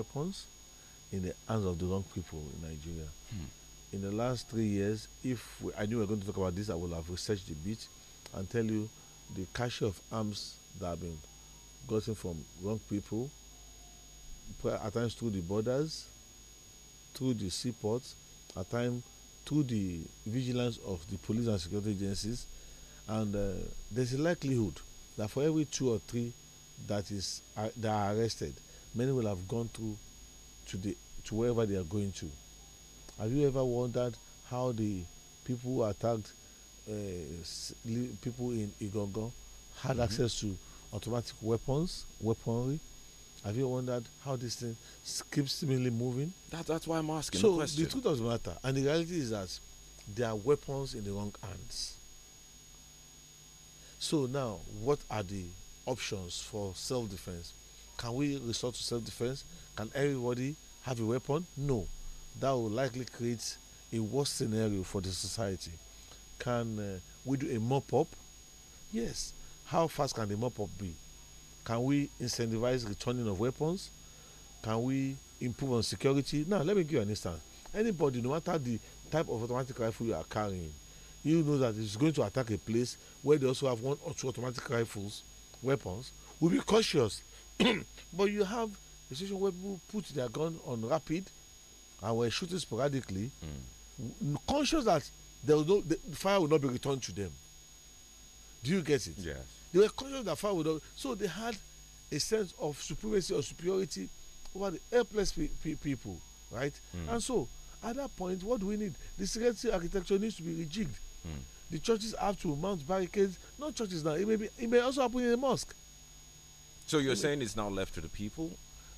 weapons in the hands of the wrong people in Nigeria. Hmm. In the last three years, if we, I knew we were going to talk about this, I would have researched a bit and tell you the cache of arms that have been gotten from wrong people, at times through the borders, through the seaports, at times through the vigilance of the police and security agencies. And uh, there's a likelihood that for every two or three that is uh, that are arrested, many will have gone through to the to wherever they are going to. Have you ever wondered how the people who attacked uh, people in Igongo had mm -hmm. access to automatic weapons, weaponry? Have you wondered how this thing keeps seemingly moving? That, that's why I'm asking. So the, question. the truth doesn't matter, and the reality is that there are weapons in the wrong hands. So now, what are the options for self-defense? Can we resort to self defense? Can everybody have a weapon? No. That will likely create a worse scenario for the society. Can uh, we do a mop up? Yes. How fast can the mop up be? Can we incentivize returning of weapons? Can we improve on security? Now, let me give you an instance. Anybody, no matter the type of automatic rifle you are carrying, you know that it's going to attack a place where they also have one or two automatic rifles, weapons, will be cautious but you have a situation where people put their gun on rapid and were shooting sporadically, mm. conscious that there was no, the fire would not be returned to them. Do you get it? Yes. They were conscious that fire would not. So they had a sense of supremacy or superiority over the helpless pe pe people, right? Mm. And so, at that point, what do we need? The security architecture needs to be rejigged. Mm. The churches have to mount barricades. Not churches now. It may be. It may also happen in a mosque. So you're saying it's now left to the people?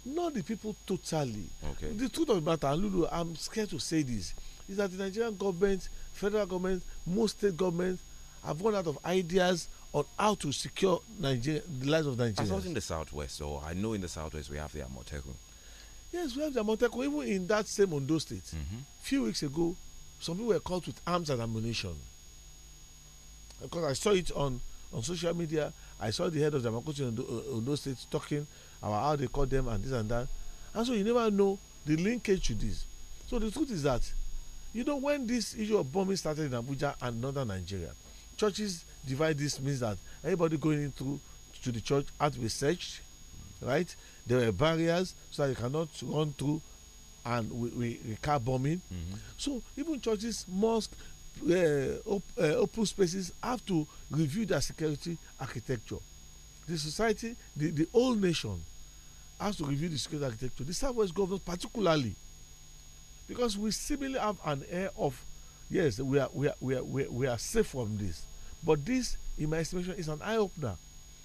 Not the people totally. Okay. The truth of the matter, Lulu, I'm scared to say this, is that the Nigerian government, federal government, most state governments have run out of ideas on how to secure Nigeria, the lives of Nigerians. I thought in the southwest, so I know in the southwest we have the Amoteku. Yes, we have the Amoteku. Even in that same Ondo state, mm -hmm. few weeks ago, some people were caught with arms and ammunition. Because I saw it on on social media, I saw the head of Democracy in those uh, states talking about how they call them and this and that. And so you never know the linkage to this. So the truth is that, you know, when this issue of bombing started in Abuja and northern Nigeria, churches divide this means that anybody going into to the church had to be searched, right? There were barriers so that you cannot run through and we, we, we car bombing. Mm -hmm. So even churches, mosques, op, eh, eh, open spaces have to review their security architecture. The society, the, the whole nation has to review the security architecture. The Southwest government, particularly, because we seemingly have an air of, yes, we are, we are, we are, we are, we are safe from this. But this, in my estimation, is an eye opener.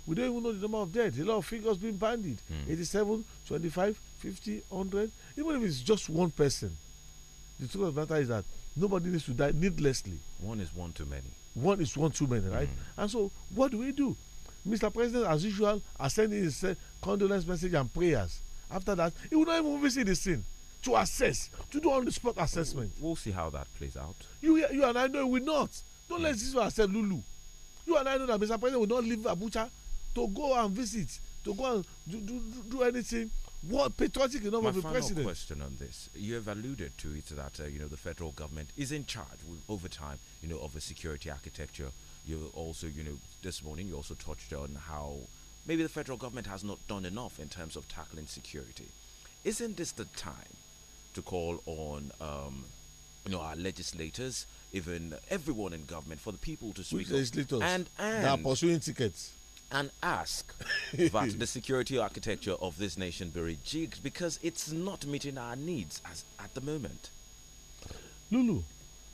We don't even know the number of dead. A lot of figures being bandied mm. 87, 25, 50, 100. Even if it's just one person, the truth of the matter is that Nobody needs to die needlessly. One is one too many. One is one too many, right? Mm. And so, what do we do? Mr. President, as usual, I send his uh, condolence message and prayers. After that, he will not even visit the scene to assess, to do on the spot assessment. We'll see how that plays out. You, you and I know we not. Don't mm. let this one accept Lulu. You and I know that Mr. President will not leave Abuja to go and visit, to go and do, do, do anything what patriotic enough My of a final question on this: You have alluded to it that uh, you know the federal government is in charge with, over time, you know, of a security architecture. You also, you know, this morning you also touched on how maybe the federal government has not done enough in terms of tackling security. Isn't this the time to call on? Um, you know, our legislators, even everyone in government, for the people to speak. Legislators and and are pursuing tickets and ask that the security architecture of this nation be rejigged because it's not meeting our needs as at the moment. Lulu,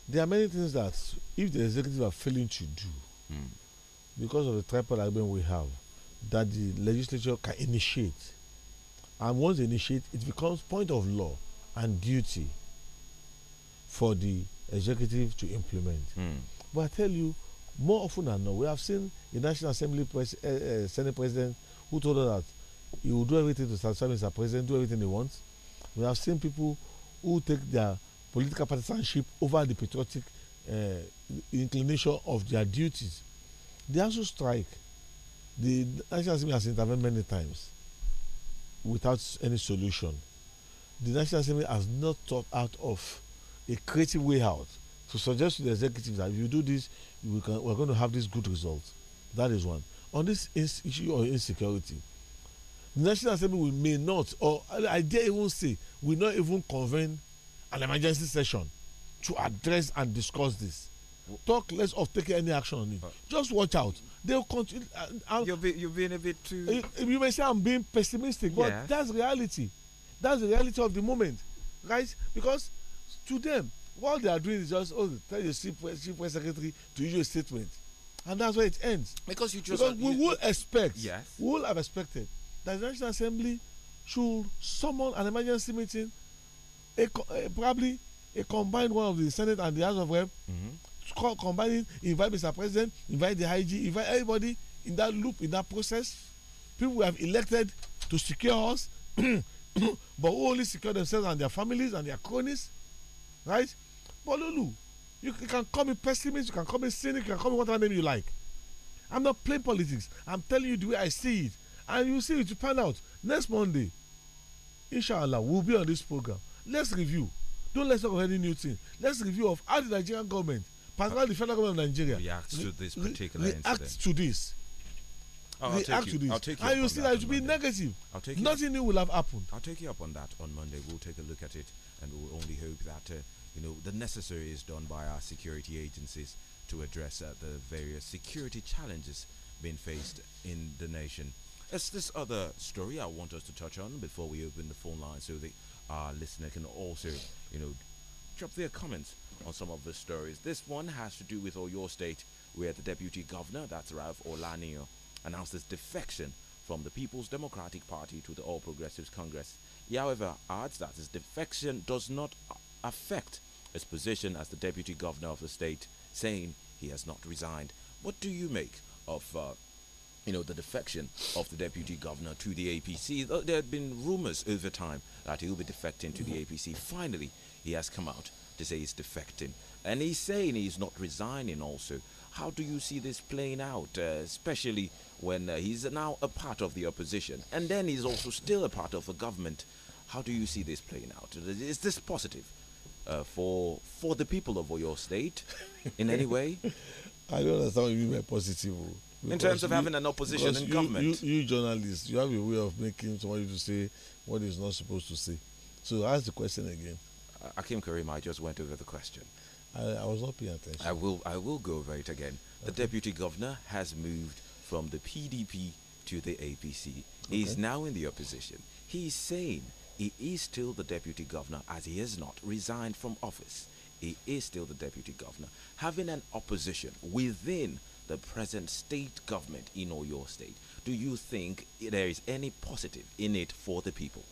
there are many things that if the executive are failing to do mm. because of the tripod agreement we have, that the legislature can initiate. And once they initiate, it becomes point of law and duty for the executive to implement. Mm. But I tell you, more often than not, we have seen the National Assembly pres uh, uh, Senate President who told us that he will do everything to satisfy Mr. President, do everything he wants. We have seen people who take their political partisanship over the patriotic uh, inclination of their duties. They also strike. The National Assembly has intervened many times without any solution. The National Assembly has not thought out of a creative way out to suggest to the executive that if you do this, we can we're going to have this good result that is one on this issue of insecurity the national assembly we may not or i dare even say we not even convene an emergency session to address and discuss this talk less of taking any action on it uh. just watch out They'll continue uh, you're, be, you're being a bit too uh, you may say i'm being pessimistic yeah. but that's reality that's the reality of the moment right because to them what they are doing is just oh tell the chief uh, chief secretary to issue a statement and that's where it ends. because you just because we would expect yes we would have expected that the national assembly should summon an emergency meeting a, a, probably a combined one of the senate and the house of rep mm -hmm. combining invite mr president invite the ig invite everybody in that loop in that process people we have elected to secure us but who only secure themselves and their families and their cronies right Bolulu. You, can call me pessimist, you can call me cynic, you can call me whatever name you like. I'm not playing politics. I'm telling you the way I see it. And you see it, you find out. Next Monday, inshallah, we'll be on this program. Let's review. Don't let's talk about any new thing. Let's review of how the Nigerian government, particularly the federal government of Nigeria, reacts to this particular incident. Reacts to this. Oh, I'll take you. I'll take you and you see that, it should be Monday. negative. I'll take Nothing up. new will have happened. I'll take you up on that on Monday. We'll take a look at it and we'll only hope that uh, you know, the necessary is done by our security agencies to address uh, the various security challenges being faced in the nation. It's this other story I want us to touch on before we open the phone line so that our listener can also, you know, drop their comments on some of the stories. This one has to do with Oyo State, where the deputy governor, that's Ralph Olanio, announced his defection from the People's Democratic Party to the All Progressives Congress. He, however, adds that his defection does not affect his position as the deputy governor of the state, saying he has not resigned. What do you make of uh, you know, the defection of the deputy governor to the APC. There had been rumors over time that he'll be defecting to the APC. Finally, he has come out to say he's defecting. And he's saying he's not resigning also. How do you see this playing out, uh, especially when uh, he's now a part of the opposition and then he's also still a part of the government? How do you see this playing out? Is this positive uh, for for the people of your State in any way? I don't understand what you mean by positive. Oh. In terms of you, having an opposition in you, government. You, you, journalists, you have a way of making somebody to say what is not supposed to say. So ask the question again. Uh, Akim Karim, I just went over the question. I, I, was not paying attention. I will, I will go over it again. The deputy governor has moved from the PDP to the APC. Okay. He's now in the opposition. He's saying he is still the deputy governor as he has not resigned from office. He is still the deputy governor. Having an opposition within the present state government in your State, do you think there is any positive in it for the people?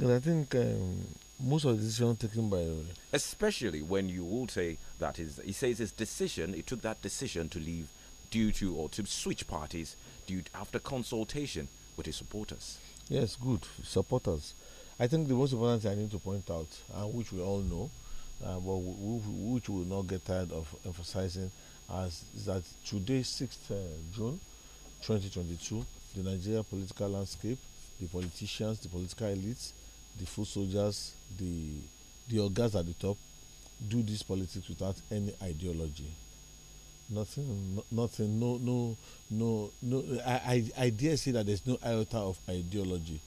Well, I think um, most of the decisions taken by. Especially when you will say that is, he says his decision, he took that decision to leave due to or to switch parties due after consultation with his supporters. Yes, good supporters. I think the most important thing I need to point out, uh, which we all know, uh, but which we will not get tired of emphasizing, as is that today, 6th uh, June 2022, the Nigeria political landscape, the politicians, the political elites, the foot soldiers, the the organs at the top, do this politics without any ideology. Nothing, no, nothing, no, no, no, no. I, I, I dare say that there's no iota of ideology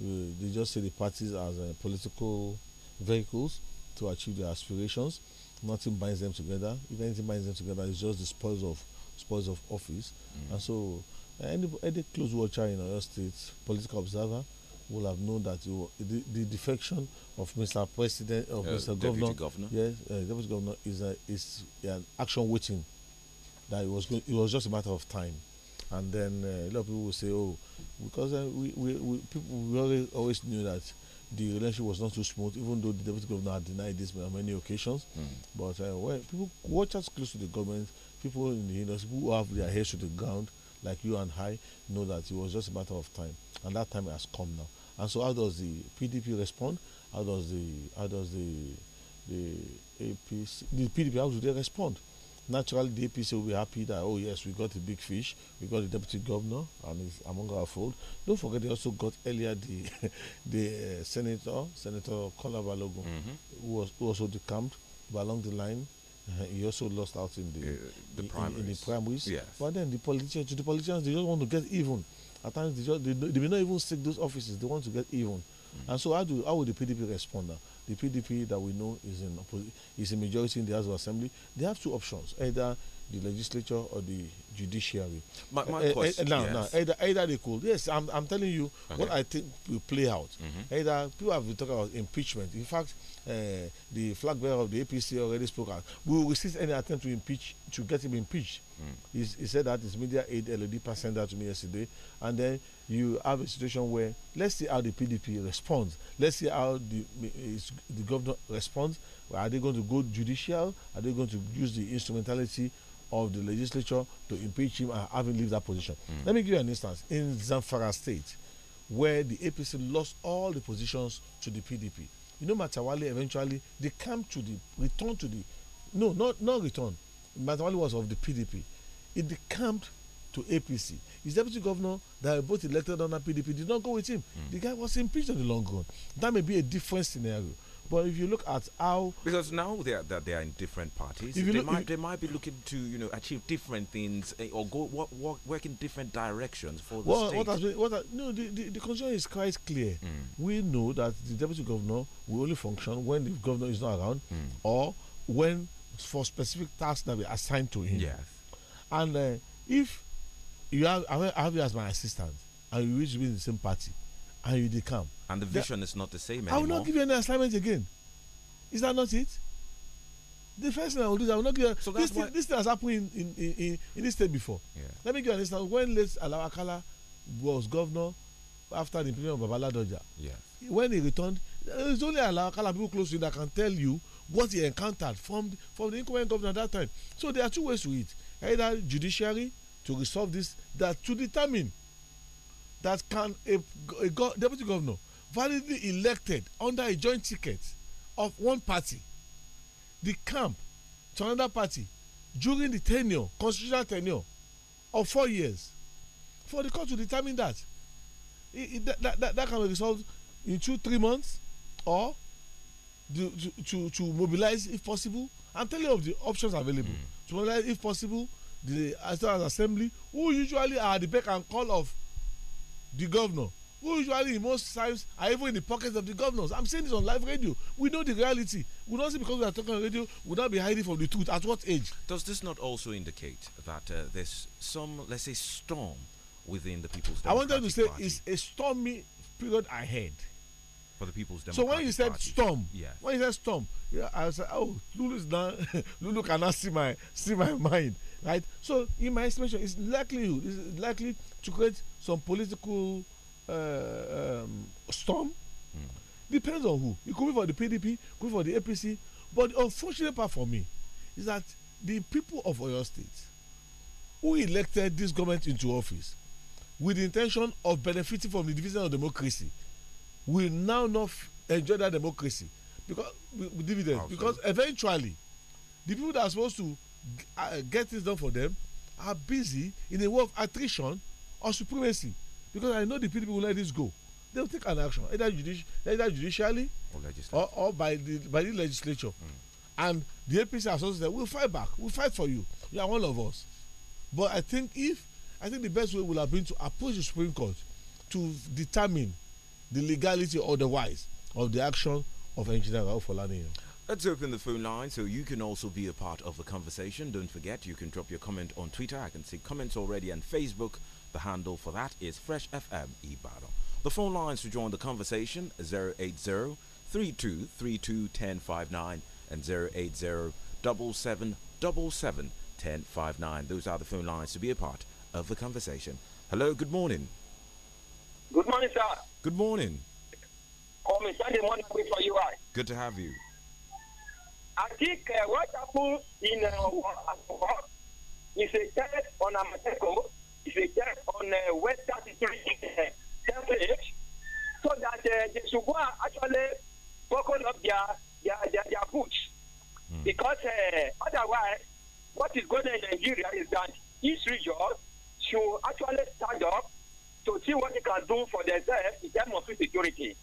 Eh, they just see the parties as uh, political vehicles to achieve their aspirations. Nothing binds them together. If anything binds them together, it's just the spoils of spoils of office. Mm. And so, uh, any, any close watcher in our State, political observer, will have known that you, the, the, defection of Mr. President of uh, Mr. Governor, Governor, yes, uh, Deputy Governor is a, is an action waiting. That it was it was just a matter of time and then uh, a lot of people will say oh because uh, we, we, we people we always, always knew that the relationship was not too smooth even though the deputy governor had denied this on many occasions mm. but uh, when people watch us close to the government people in the industry who have their heads to the ground like you and I know that it was just a matter of time and that time has come now and so how does the PDP respond how does the how does the the APC the PDP how do they respond naturally the APC will be happy that oh yes we got a big fish we got the deputy governor and he's among our fold don't forget they also got earlier the the uh, senator senator Kola Balogun mm -hmm. who was who also decamped but along the line uh, he also lost out in the uh, the in, primaries. In, the primaries yes. but then the politicians the politicians they just want to get even at times they, just, they, they may not even seek those offices they want to get even mm -hmm. and so how do how will the PDP respond now the PDP that we know is in is in majority in the House of Assembly, they have two options: either the legislature or the judiciary. My, my eh, eh, question. Eh, now, yes. now, either, either they could. Yes, I'm, I'm telling you okay. what I think will play out. Mm -hmm. Either people have been talking about impeachment. In fact, uh, the flag bearer of the APC already spoke out. We will resist any attempt to impeach, to get him impeached he, he said that his media aide LED sent that to me yesterday. And then you have a situation where let's see how the PDP responds. Let's see how the, the governor responds. Are they going to go judicial? Are they going to use the instrumentality of the legislature to impeach him and have him leave that position? Mm. Let me give you an instance. In Zamfara State, where the APC lost all the positions to the PDP, you know, Matawale eventually they come to the return to the no, not not return Matamali was of the PDP. He decamped to APC. His deputy governor that were both elected under PDP did not go with him. Mm. The guy was impeached in the long run. That may be a different scenario. But if you look at how because now they are, that they are in different parties, they look, might they might be looking to you know achieve different things eh, or go work, work, work in different directions for the state. What has been, what no, the, the, the, concern is quite clear. Mm. We know that the deputy governor will only function when the governor is not around mm. or when for specific tasks that we assigned to him. Yes. And uh, if you have I have you as my assistant and you wish to be in the same party and you become And the vision is not the same anymore. I will not give you any assignment again. Is that not it? The first thing I will do is I will not give you. So this, thing, this thing has happened in, in, in, in this state before. Yeah. Let me give you an instance. When late Alawakala was governor after the imprisonment of Babala Doja, yes. when he returned, it's only Alawakala people close to him that can tell you what he encountered from, from the incumbent governor at that time. So there are two ways to it either judiciary to resolve this, that to determine that can a, a go, deputy governor validly elected under a joint ticket of one party the camp to another party during the tenure constitutional tenure of four years for the court to determine that it, it, that, that that can be resolved in two three months or do, to, to, to mobilize if possible i'm telling you of the options available mm. to mobilize if possible the as well as assembly who usually are the back and call of the governor who usually most times are even in the pockets of the governors i'm saying this on live radio we know the reality we don't say because we are talking on radio we not be hiding from the truth at what age. does this not also indicate that uh, there's some let's say storm within the people's I want them to say party. it's a stormy period ahead. for the People's Democratic So when you said Party. storm, yeah. when you said storm, yeah, I was like, oh, is done. Lulu cannot see my see my mind, right? So in my estimation, it's likely, it's likely to create some political uh, um, storm. Mm. Depends on who. It could be for the PDP, could be for the APC. But the unfortunate part for me is that the people of Oyo State who elected this government into office with the intention of benefiting from the division of democracy will now not enjoy that democracy because with dividends because eventually the people that are supposed to uh, get things done for them are busy in a war of attrition or supremacy because I know the people will let this go they will take an action either, judici either judicially or, or, or, by the by the legislature mm. and the APC has also said we will fight back we will fight for you you are one of us but I think if I think the best way would have been to approach the Supreme Court to determine the legality otherwise of the action of Engineer Rauf Let's open the phone line so you can also be a part of the conversation. Don't forget, you can drop your comment on Twitter. I can see comments already on Facebook. The handle for that is Fresh FM The phone lines to join the conversation 080 and 080 7777 Those are the phone lines to be a part of the conversation. Hello, good morning. Good morning, sir. Good morning. Call oh, me Sunday morning you. Good to have you. I think uh, what happened in uh, is a test on Amateco, is a test on uh, West 33 uh, so that uh, they should go actually buckle up their, their, their, their boots. Mm. Because uh, otherwise, what is going on in Nigeria is that each region should actually stand up to see what they can do for themselves in terms of security.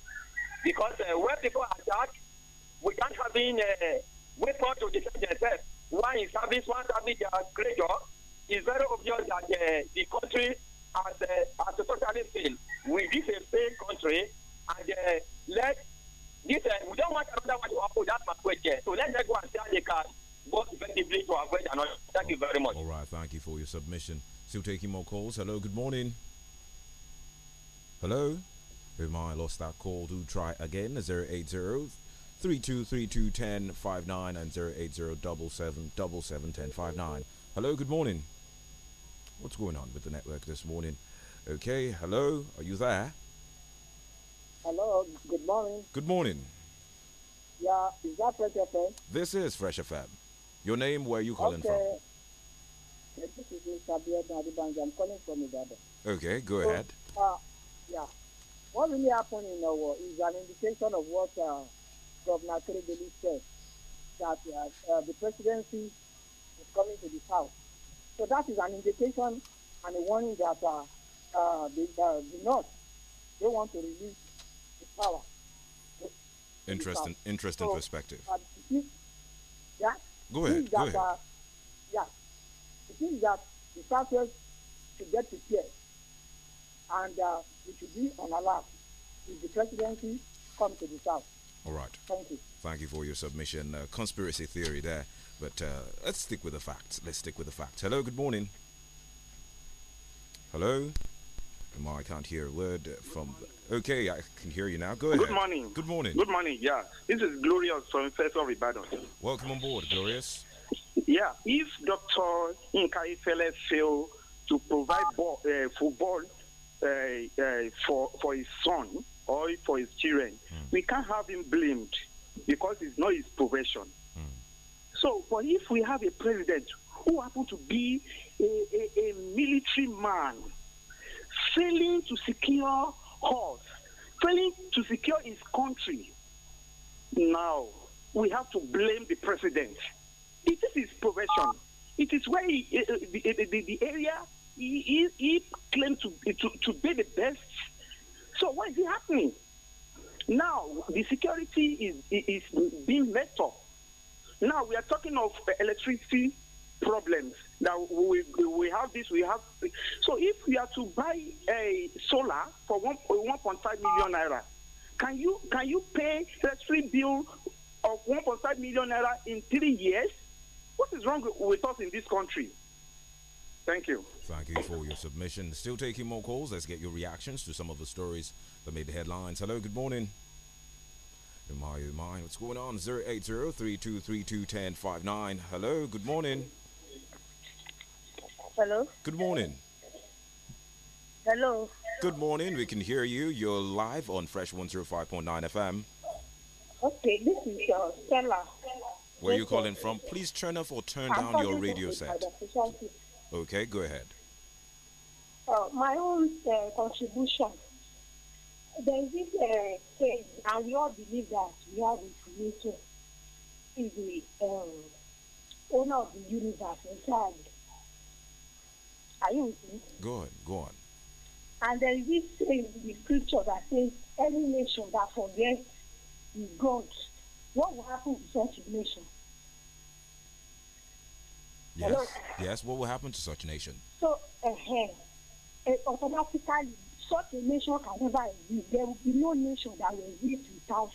Because uh, when people attack, not have a uh, weapon to defend themselves, one is having one having their creator, it's very obvious that uh, the country as a, uh, as a totally failed. We this a failed country, and uh, let this, uh, we don't want another one to happen. That's my question. So let them go and see how they can to avoid another. Thank you very much. All right, thank you for your submission. Still taking more calls. Hello, good morning. Hello? If I lost that call, do try again. 080 32321059 and double seven ten five nine. Hello, good morning. What's going on with the network this morning? Okay, hello, are you there? Hello, good morning. Good morning. Yeah, is that Fresh FM? This is Fresh FM. Your name, where are you calling okay. from? This is Mr. I'm calling from Ibadan. Okay, go so, ahead. Uh, yeah. What really happened in Owo uh, is an indication of what uh, Governor Kerebeli said, that uh, uh, the presidency is coming to the south. So that is an indication and a warning that uh, uh, the, uh, the North, they want to release the power. Interesting, interesting so, uh, perspective. Uh, is, yeah. Go ahead. Go that, ahead. Uh, yeah. It is that the Southwest should get prepared and uh, we should be on alert if the presidency comes to the south. All right. Thank you. Thank you for your submission. Uh, conspiracy theory there, but uh, let's stick with the facts. Let's stick with the facts. Hello, good morning. Hello. Omar, I can't hear a word from. Okay, I can hear you now. Go ahead. Good morning. Good morning. Good morning. Yeah, this is Glorious from First of Ibadan. Welcome on board, Glorious. Yeah, if Dr. Nkai Fele fail to provide ball, uh, football uh, uh, for for his son or for his children. Mm. We can't have him blamed because it's not his profession. Mm. So, but if we have a president who happened to be a, a, a military man, failing to secure us, failing to secure his country, now we have to blame the president. It is his profession. It is where he, uh, uh the, the, the, area he, he, he claimed to, to, to be the best. So what is happening? Now, the security is, is being messed up. Now, we are talking of electricity problems. Now, we, we have this, we have. So, if you are to buy a solar for 1.5 million naira, can you, can you pay electricity bill of 1.5 million naira in three years? What is wrong with us in this country? Thank you. Thank you for your submission. Still taking more calls. Let's get your reactions to some of the stories that made the headlines. Hello, good morning. Umay, what's going on? 080-3232-1059. Hello, good morning. Hello. Good morning. Hello. Good morning. We can hear you. You're live on Fresh 105.9 FM. Okay, this is uh, Stella. Where are you calling from? Please turn off or turn I'm down your radio set. Okay, go ahead. Uh, my own uh, contribution. There is this uh, and we all believe that we have the creator, is the um, owner of the universe inside. Are you with me? Go on, go on. And there is this saying in the scripture that says, any nation that forgets the God, what will happen to such a nation? Yes. Hello? Yes. What will happen to such a nation? So, uh, uh, automatically, such a nation can never exist. There will be no nation that will exist without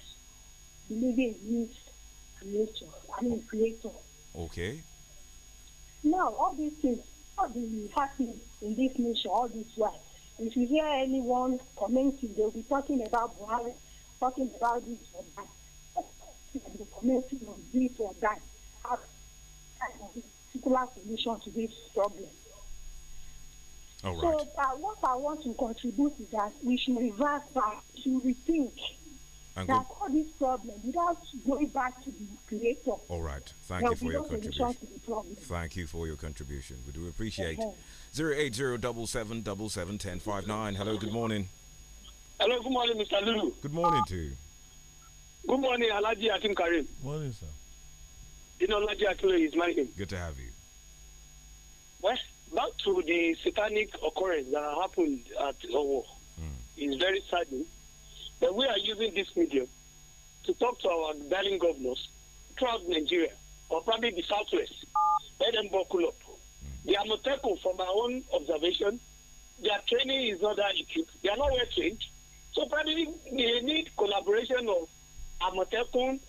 believing in its creator. I mean, creator. Okay. Now, all these things, all the happening in this nation, all this while, if you hear anyone commenting, they'll be talking about Buhari, talking about this or that. They'll be commenting on this or that particular solution to this problem. All right. So uh, what I want to contribute is that we should reverse back, to rethink and that all this problem without going back to the creator. All right. Thank you for your contribution. Thank you for your contribution. We do appreciate. Uh-huh. Zero eight zero double seven double seven ten five nine. Hello. Good morning. Hello. Good morning, Mr. Lulu. Good morning to you. Good morning, Alaji Atim Karim. Morning, sir. You know, Alaji Atim is my name. Good to have you. Well, back to the satanic occurrence that happened at Owo. Mm. It's very saddening that we are using this medium to talk to our darling governors throughout Nigeria, or probably the southwest. Let them They are Moteco, from our own observation, their training is not that equipped. They are not well trained. So probably they need collaboration of Amotekun,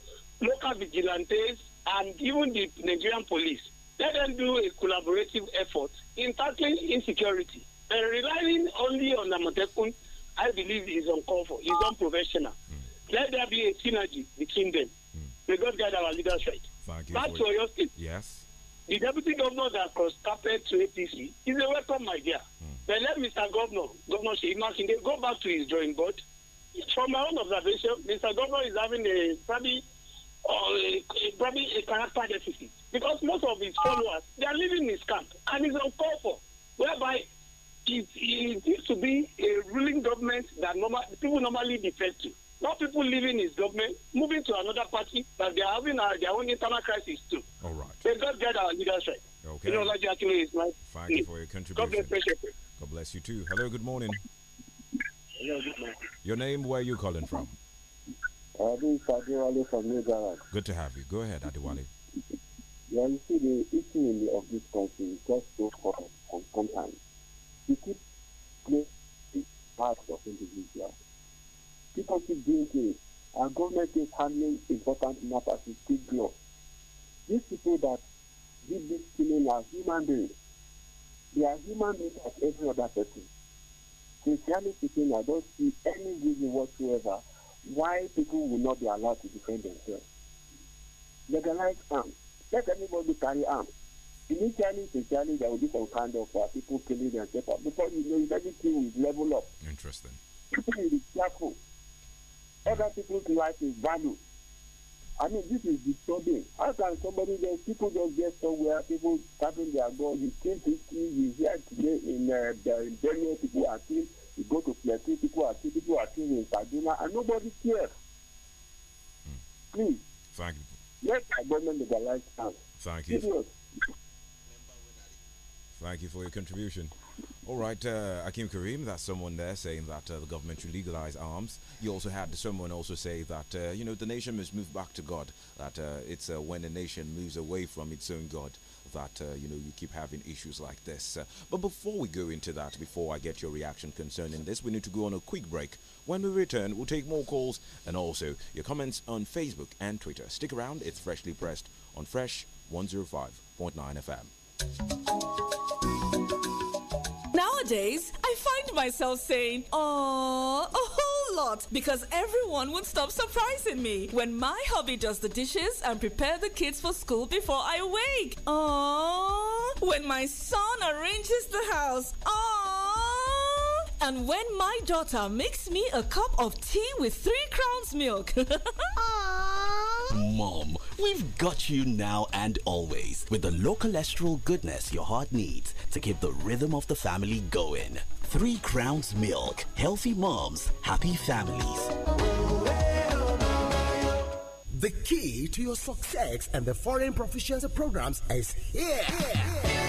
local vigilantes, and even the Nigerian police let them do a collaborative effort in tackling insecurity. And relying only on Amotekun, I believe, is uncalled for, is unprofessional. Mm. Let there be a synergy between them. Mm. May God guide our leaders right. Back to your state. Yes. The deputy governor that cross-carpet to APC is a welcome my Mm. But let Mr. Governor, Governor Sheikh go back to his drawing board. From my own observation, Mr. Governor is having a probably or a, probably a character deficit because most of his followers they are living in his camp and it's uncalled for whereby it, needs to be a ruling government that normal, people normally defer to not people leaving his government moving to another party but they are having uh, their own internal crisis too all right they got get our leaders right okay you know like actually is my thank you for your contribution god bless, god bless you too hello good morning hello good morning your name where are you calling from Good to have you. Go ahead, Adewale. Yeah, you see, the issue of this country is just so corrupt from sometimes. You keep playing the part of individuals. People keep doing things. Our government is handling important matters with big gloves. These people that did this killing are human beings. They are human beings like every other person. Sincerely speaking, I don't see any reason whatsoever why people will not be allowed to defend themselves. Legalize arms. Let everybody carry arms. Initially, challenge there will be some kind of uh, people killing themselves. Before you know anything, everything will level up. Interesting. People will be careful. Other people's life is value. I mean, this is disturbing. How can somebody just, people just get somewhere, people tapping their guns, you kill 50, you hear today in uh, the general people are killed you go to Plateau, people are killing, people are killing in Kaduna, and nobody cares. Mm. Please. Thank you. Let our government legalize Thank you. Thank you for your contribution. All right, uh, Akim Karim, that's someone there saying that uh, the government should legalize arms. You also had someone also say that, uh, you know, the nation must move back to God, that uh, it's uh, when a nation moves away from its own God that, uh, you know, you keep having issues like this. but before we go into that, before I get your reaction concerning this, we need to go on a quick break. When we return, we'll take more calls and also your comments on Facebook and Twitter. Stick around, it's freshly pressed on Fresh 105.9 FM. Nowadays, I find myself saying, "Aww, a whole lot," because everyone would stop surprising me when my hubby does the dishes and prepare the kids for school before I wake. Aww, when my son arranges the house. Aww. And when my daughter makes me a cup of tea with three crowns milk. Mom, We've got you now and always with the low cholesterol goodness your heart needs to keep the rhythm of the family going. Three Crowns Milk. Healthy moms, happy families. The key to your success and the foreign proficiency programs is here. here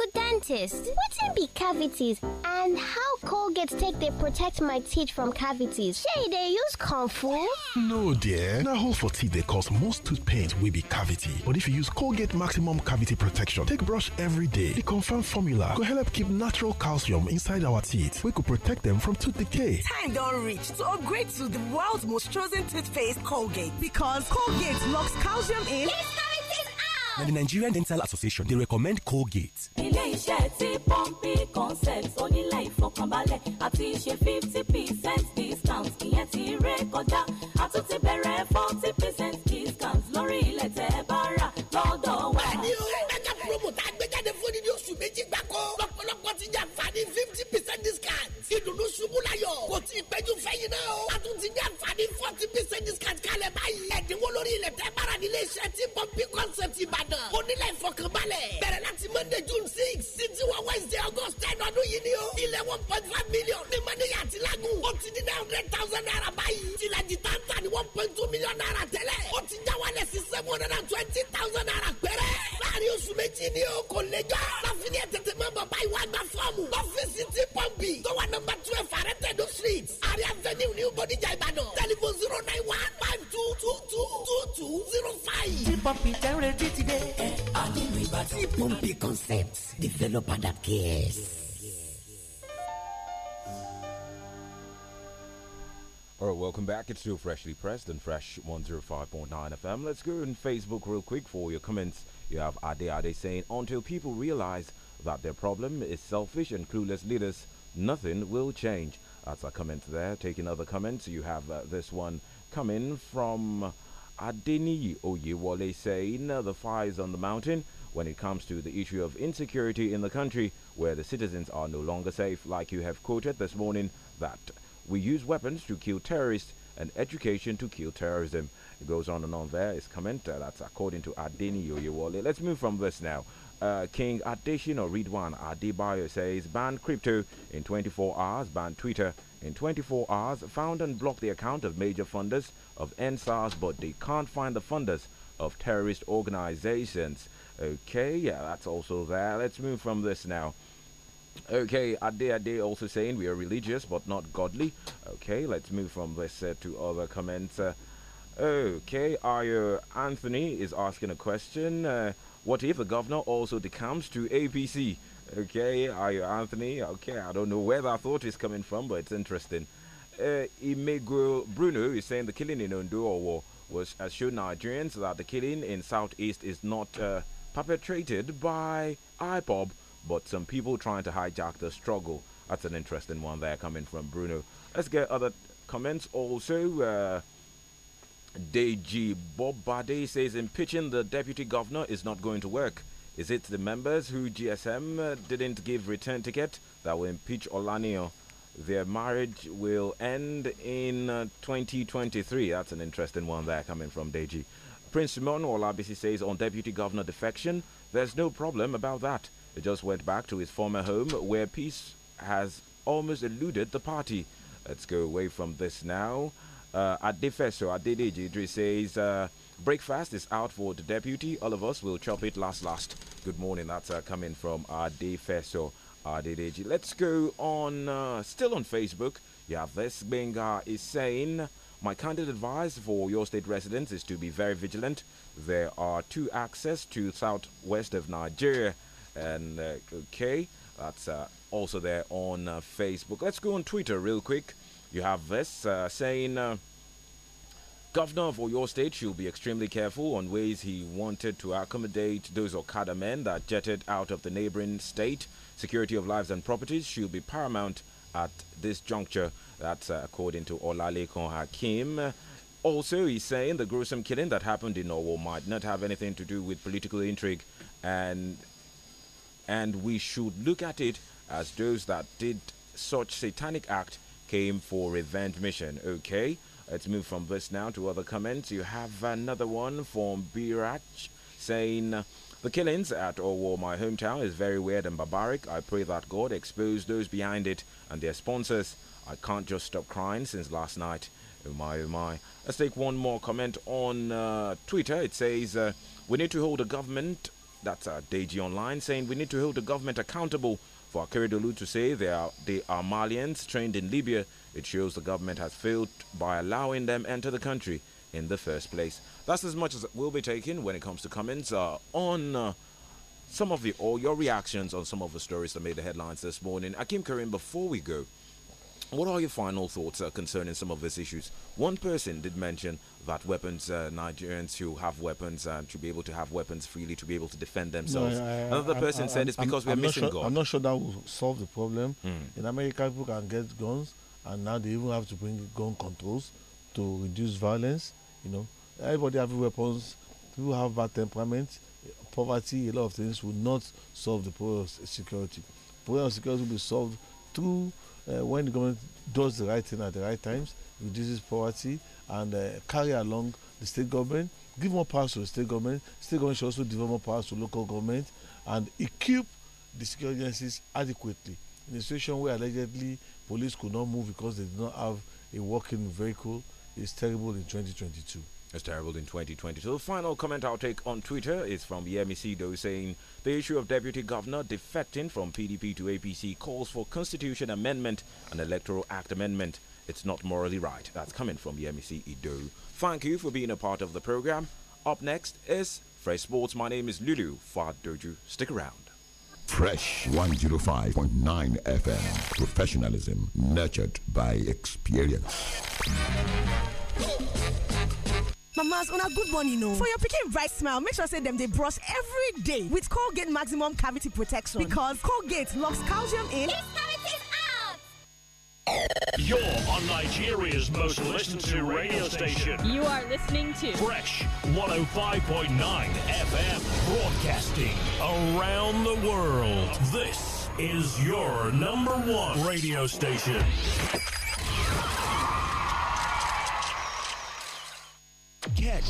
Uncle Dentist, in be cavities and how Colgate take they protect my teeth from cavities? Say they use kung fu. No dear, na hole for teeth they cause most tooth pains will be cavity. But if you use Colgate Maximum Cavity Protection take brush every day, the confirmed formula go help keep natural calcium inside our teeth We could protect them from tooth decay. Time don reach to upgrade to the world's most chosen toothpaste Colgate because Colgate locks calcium in. Yes, na the Nigerian Dental Association dey recommend Colgate. ilé iṣẹ́ tí pọ́ǹpì onílé ìfọkànbalẹ̀ àti ṣe fifty percent discount ìyẹn ti ré kọjá bẹ̀rẹ̀ forty percent discount lórí ilẹ̀ tẹ̀ ti jàǹfààní fifty percent discount. ìdùnnú ṣubú layọ̀ kò tí ì péjú fẹ́yìn náà o. a tún ti jàǹfààní forty percent discount kalẹ̀ báyìí. ẹ̀dínwó lórí ilẹ̀ tẹ́ bára nílé iṣẹ́ tí pọ́ńpì concept ìbàdàn. onílẹ̀ ìfọkànbalẹ̀ bẹ̀rẹ̀ láti monday june six sí tiwọn wednesday august ten ọdún yìí ni o. ilẹ̀ one point five million ní mọ́níyà àti lágùn. ó ti di nine hundred thousand naira báyìí. tìlàjì táǹtà ni one point two million naira tẹ́lẹ̀. ó ti já wálẹ̀ sí seven hundred and twenty thousand naira péré. láàrin máa gba fọ́ọ̀mù. ọ́fíìsì ti pọ́ǹpì tó wà nọmba twelve àrẹ́tẹ̀dó street àrẹ avenue new bodijà ìbàdàn tẹlifon zero nine one five two two two two two zero five. ti pọ́ǹpì tẹ́ ń retí ti dé. ẹ àdínú ìbàdàn. ti pọ́ǹpì concept developer that cares. All right, welcome back. It's still freshly pressed and fresh 105.9 FM. Let's go on Facebook real quick for your comments. You have Ade Ade saying, until people realize that their problem is selfish and clueless leaders. Nothing will change. That's a comment there. Taking other comments, you have uh, this one coming from Adeni Oyewole saying uh, the fires on the mountain when it comes to the issue of insecurity in the country where the citizens are no longer safe, like you have quoted this morning, that we use weapons to kill terrorists and education to kill terrorism. It goes on and on there. It's comment uh, that's according to Adeni Oyewole. Let's move from this now uh, King Addition or Ridwan Adibayo says ban crypto in 24 hours, ban Twitter in 24 hours, found and blocked the account of major funders of NSARS, but they can't find the funders of terrorist organizations. Okay, yeah, that's also there. Let's move from this now. Okay, Ade Ade also saying we are religious but not godly. Okay, let's move from this uh, to other comments. Uh, okay, Ayo Anthony is asking a question. Uh, what if a governor also decamps to APC? Okay, are you Anthony? Okay, I don't know where that thought is coming from, but it's interesting. Uh, Imego Bruno is saying the killing in Ondo was has shown Nigerians that the killing in Southeast is not uh, perpetrated by IPOB, but some people trying to hijack the struggle. That's an interesting one there coming from Bruno. Let's get other comments also. Uh, Deji Bobade says impeaching the deputy governor is not going to work. Is it the members who GSM didn't give return ticket that will impeach Olanio? Their marriage will end in uh, 2023. That's an interesting one there coming from Deji. Prince Simon Olabisi says on deputy governor defection, there's no problem about that. He just went back to his former home where peace has almost eluded the party. Let's go away from this now. Uh, Adefeso Adedeji says, uh, breakfast is out for the deputy. All of us will chop it last, last. Good morning. That's uh, coming from Adefeso Adedeji. Let's go on, uh, still on Facebook. Yeah, this Benga is saying, my candid advice for your state residents is to be very vigilant. There are two access to southwest of Nigeria. And, uh, okay, that's uh, also there on uh, Facebook. Let's go on Twitter real quick. You have this uh, saying, uh, Governor for your state should be extremely careful on ways he wanted to accommodate those Okada men that jetted out of the neighboring state. Security of lives and properties should be paramount at this juncture. That's uh, according to Olalekan Hakim. Also, he's saying the gruesome killing that happened in Norway might not have anything to do with political intrigue, and and we should look at it as those that did such satanic act came for event mission. Okay, let's move from this now to other comments. You have another one from Birach saying. The killings at Orwell, my hometown, is very weird and barbaric. I pray that God expose those behind it and their sponsors. I can't just stop crying since last night. Oh my, oh my. Let's take one more comment on uh, Twitter. It says, uh, We need to hold the government, that's uh, Deji Online, saying we need to hold the government accountable for Akere Dolu to say they are, they are Malians trained in Libya, it shows the government has failed by allowing them enter the country in the first place. That's as much as we'll be taking when it comes to comments uh, on uh, some of the or your reactions on some of the stories that made the headlines this morning. Akim Karim, before we go, what are your final thoughts uh, concerning some of these issues? One person did mention that weapons, uh, Nigerians who have weapons, uh, to be able to have weapons freely, to be able to defend themselves. No, I, I, Another I, person said it's because we're missing sure, I'm not sure that will solve the problem. Mm. In America, people can get guns, and now they even have to bring gun controls to reduce violence. You know, everybody have weapons. People have bad temperament, poverty, a lot of things will not solve the problem of security. The problem of security will be solved through uh, when the government does the right thing at the right times, reduces poverty and uh, carry along the state government, give more powers to the state government. State government should also develop more powers to local government and equip the security agencies adequately. In a situation where allegedly police could not move because they did not have a working vehicle, is terrible in 2022. As terrible in 2022. The final comment I'll take on Twitter is from Yemi Sido saying the issue of deputy governor defecting from PDP to APC calls for constitution amendment and electoral act amendment. It's not morally right. That's coming from Yemi Ido. Thank you for being a part of the program. Up next is Fresh Sports. My name is Lulu Fadoju. Stick around. Fresh 105.9 FM. Professionalism nurtured by experience. Mamas, on a good one, you know. For your picking bright smile, make sure say them they brush every day with Colgate Maximum Cavity Protection because Colgate locks calcium in. You're on Nigeria's most listened to radio station. You are listening to Fresh 105.9 FM broadcasting around the world. This is your number one radio station.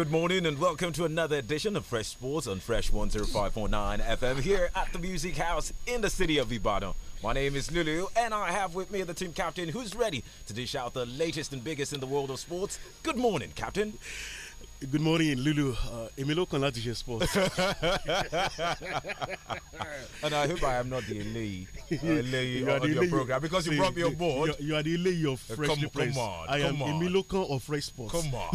Good morning and welcome to another edition of Fresh Sports on Fresh 105.9 FM here at the Music House in the city of Ibadan. My name is Lulu and I have with me the team captain who's ready to dish out the latest and biggest in the world of sports. Good morning, Captain. Good morning, Lulu. Uh, Emilio Sports. and I hope I am not the Elei, uh, you are the your program because you brought me on board. You, you are the Elei of uh, Fresh come, Press. Come on, I come am on. Emilio of Fresh Sports. Come on.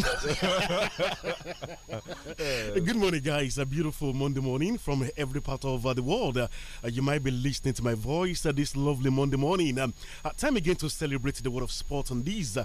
Good morning, guys. A beautiful Monday morning from every part of uh, the world. Uh, you might be listening to my voice uh, this lovely Monday morning. Um, uh, time again to celebrate the world of sport on these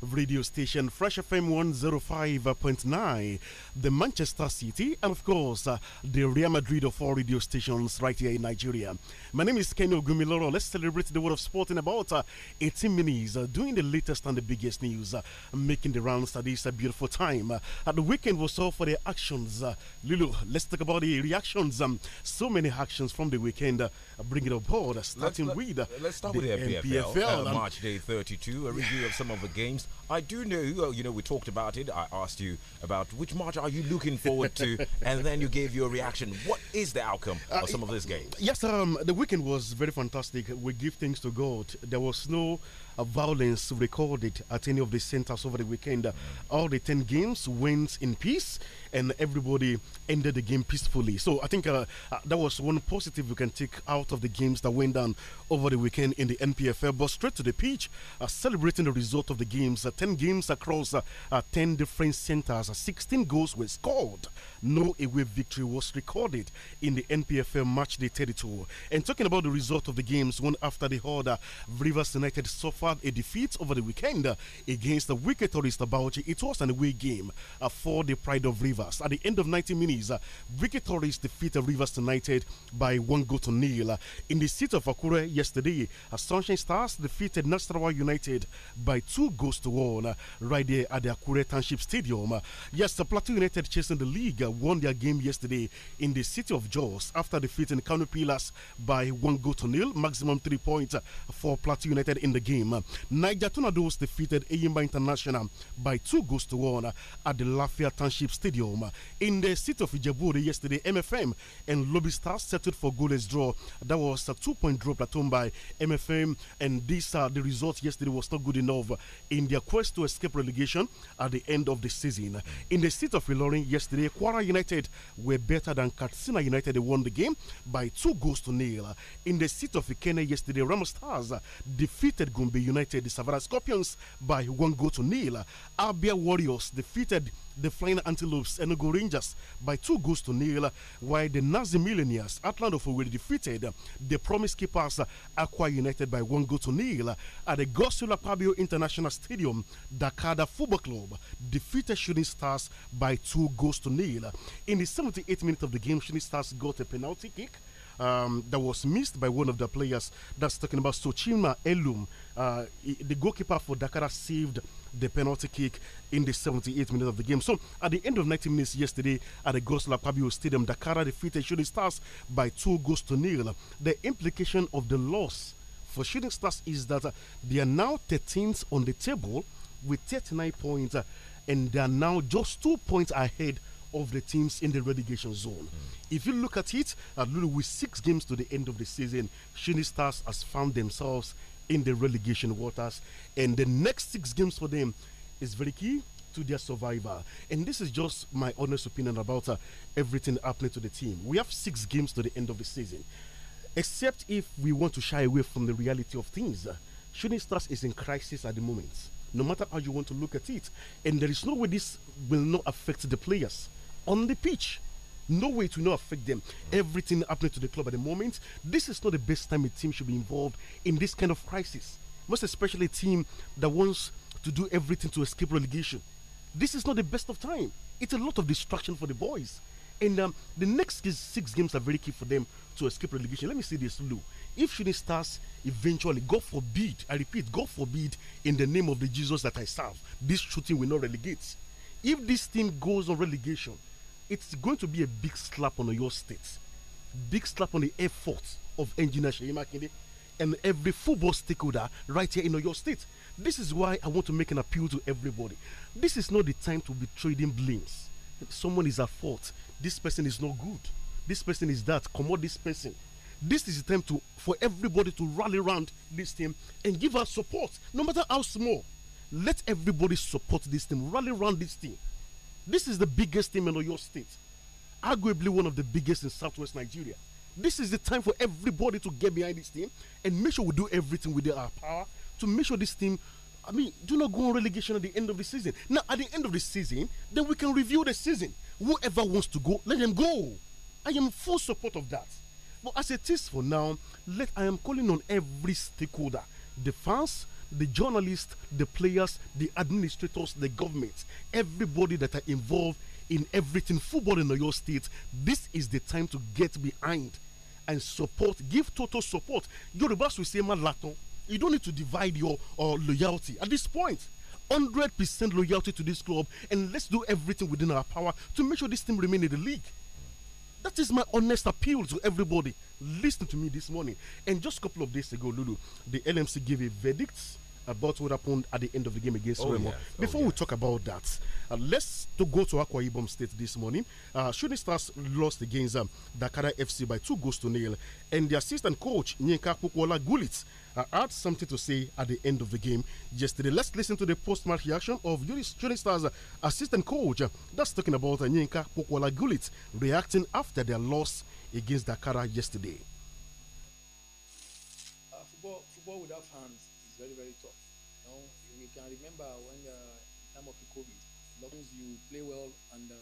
radio station Fresh FM 105.9, the Manchester City, and of course, uh, the Real Madrid of all radio stations right here in Nigeria. My name is Kenny Ogumiloro. Let's celebrate the world of sport in about uh, 18 minutes, uh, doing the latest and the biggest news, uh, making the rounds at this uh, beautiful time. Uh, at the weekend was all for the actions. Lulu, let's talk about the reactions. Um, so many actions from the weekend. bring it aboard, starting let's, with let's start the with the MPFL, um, March Day 32, a review of some of the games I do know, you know, we talked about it. I asked you about which match are you looking forward to, and then you gave your reaction. What is the outcome of uh, some of these games? Yes, um, the weekend was very fantastic. We give thanks to God. There was no uh, violence recorded at any of the centers over the weekend. Mm. All the 10 games went in peace, and everybody ended the game peacefully. So I think uh, uh that was one positive we can take out of the games that went down over the weekend in the NPFL. But straight to the pitch, uh, celebrating the result of the games. Uh, 10 games across uh, uh, 10 different centers. 16 goals were scored. No away victory was recorded in the NPFL match day 32. And talking about the result of the games, one after the other, Rivers United suffered a defeat over the weekend against the Wicked Tourist Bauchi. It was an away game for the Pride of Rivers. Rivers. At the end of 90 minutes, uh, Ricky Torres defeated Rivers United by one goal to nil. Uh, in the seat of Akure yesterday, uh, Sunshine Stars defeated Nasarawa United by two goals to one uh, right there at the Akure Township Stadium. Uh, yes, the Plateau United chasing the league uh, won their game yesterday in the city of Jos after defeating Kano Pillars by one goal to nil, maximum three points uh, for Plateau United in the game. Uh, Niger Tornadoes defeated Eyimba International by two goals to one at the Lafayette Township Stadium. In the city of Ijebuode yesterday, MFM and Lobby Stars settled for goalless draw. That was a two-point draw platoon by MFM, and this uh, the result yesterday was not good enough in their quest to escape relegation at the end of the season. In the city of Ilorin yesterday, Quara United were better than Katsina United. They won the game by two goals to nil. In the city of Ikene yesterday, Ramo Stars defeated Gombe United, the Savara Scorpions, by one goal to nil. Abia Warriors defeated the Flying Antelopes and Go Rangers by two goals to nil, while the Nazi Millionaires, Atlanta of were defeated the Promise Keepers, Aqua United by one goal to nil at the Godzilla Pabio International Stadium. Dakada Football Club defeated Shooting Stars by two goals to nil. In the 78th minute of the game, Shooting Stars got a penalty kick um, that was missed by one of the players. That's talking about Sochima Elum. Uh, the goalkeeper for Dakar saved the penalty kick in the 78th minute of the game. So at the end of 90 minutes yesterday at the Gosla Pabio Stadium, Dakar defeated Shooting Stars by two goals to nil. The implication of the loss for Shooting Stars is that uh, they are now 13th on the table with 39 points uh, and they are now just two points ahead of the teams in the relegation zone. Mm. If you look at it, at uh, Lulu, with six games to the end of the season, Shiny Stars has found themselves in the relegation waters, and the next six games for them is very key to their survival. And this is just my honest opinion about uh, everything happening to the team. We have six games to the end of the season, except if we want to shy away from the reality of things. Uh, Shooting Stars is in crisis at the moment, no matter how you want to look at it. And there is no way this will not affect the players on the pitch. No way to not affect them. Everything happening to the club at the moment. This is not the best time a team should be involved in this kind of crisis. Most especially a team that wants to do everything to escape relegation. This is not the best of time. It's a lot of distraction for the boys. And um, the next six games are very key for them to escape relegation. Let me say this, Lou. If Shooting starts eventually, God forbid, I repeat, God forbid, in the name of the Jesus that I serve, this shooting will not relegate. If this team goes on relegation, it's going to be a big slap on your state, big slap on the effort of engineer and every football stakeholder right here in your state. This is why I want to make an appeal to everybody. This is not the time to be trading blames. Someone is at fault. This person is not good. This person is that. Come on, this person. This is the time to for everybody to rally around this team and give us support, no matter how small. Let everybody support this team, rally around this team. This is the biggest team in Oyo State, arguably one of the biggest in Southwest Nigeria. This is the time for everybody to get behind this team and make sure we do everything within our power to make sure this team. I mean, do not go on relegation at the end of the season. Now, at the end of the season, then we can review the season. Whoever wants to go, let them go. I am full support of that. But as it is for now, let I am calling on every stakeholder, the fans, the journalists, the players, the administrators, the government, everybody that are involved in everything football in your state. This is the time to get behind and support, give total support. Yorubas will say, man, Latin, you don't need to divide your uh, loyalty at this point. 100% loyalty to this club, and let's do everything within our power to make sure this team remain in the league. That is my honest appeal to everybody. Listen to me this morning. And just a couple of days ago, Lulu, the LMC gave a verdict about what happened at the end of the game against oh, Remo. Yes. Before oh, we talk about that, uh, let's to go to Akwa Ibom State this morning. Uh, Shooting Stars lost against um, Dakara FC by two goals to nil, and the assistant coach Nyeka Pukwola Gulit uh, had something to say at the end of the game yesterday. Let's listen to the post-match reaction of Shooting Stars uh, assistant coach. Uh, that's talking about uh, Nyeka Pukwola Gulit reacting after their loss against Dakara yesterday. Uh, football, football without fans I remember when the uh, time of the COVID, as long as you play well and uh,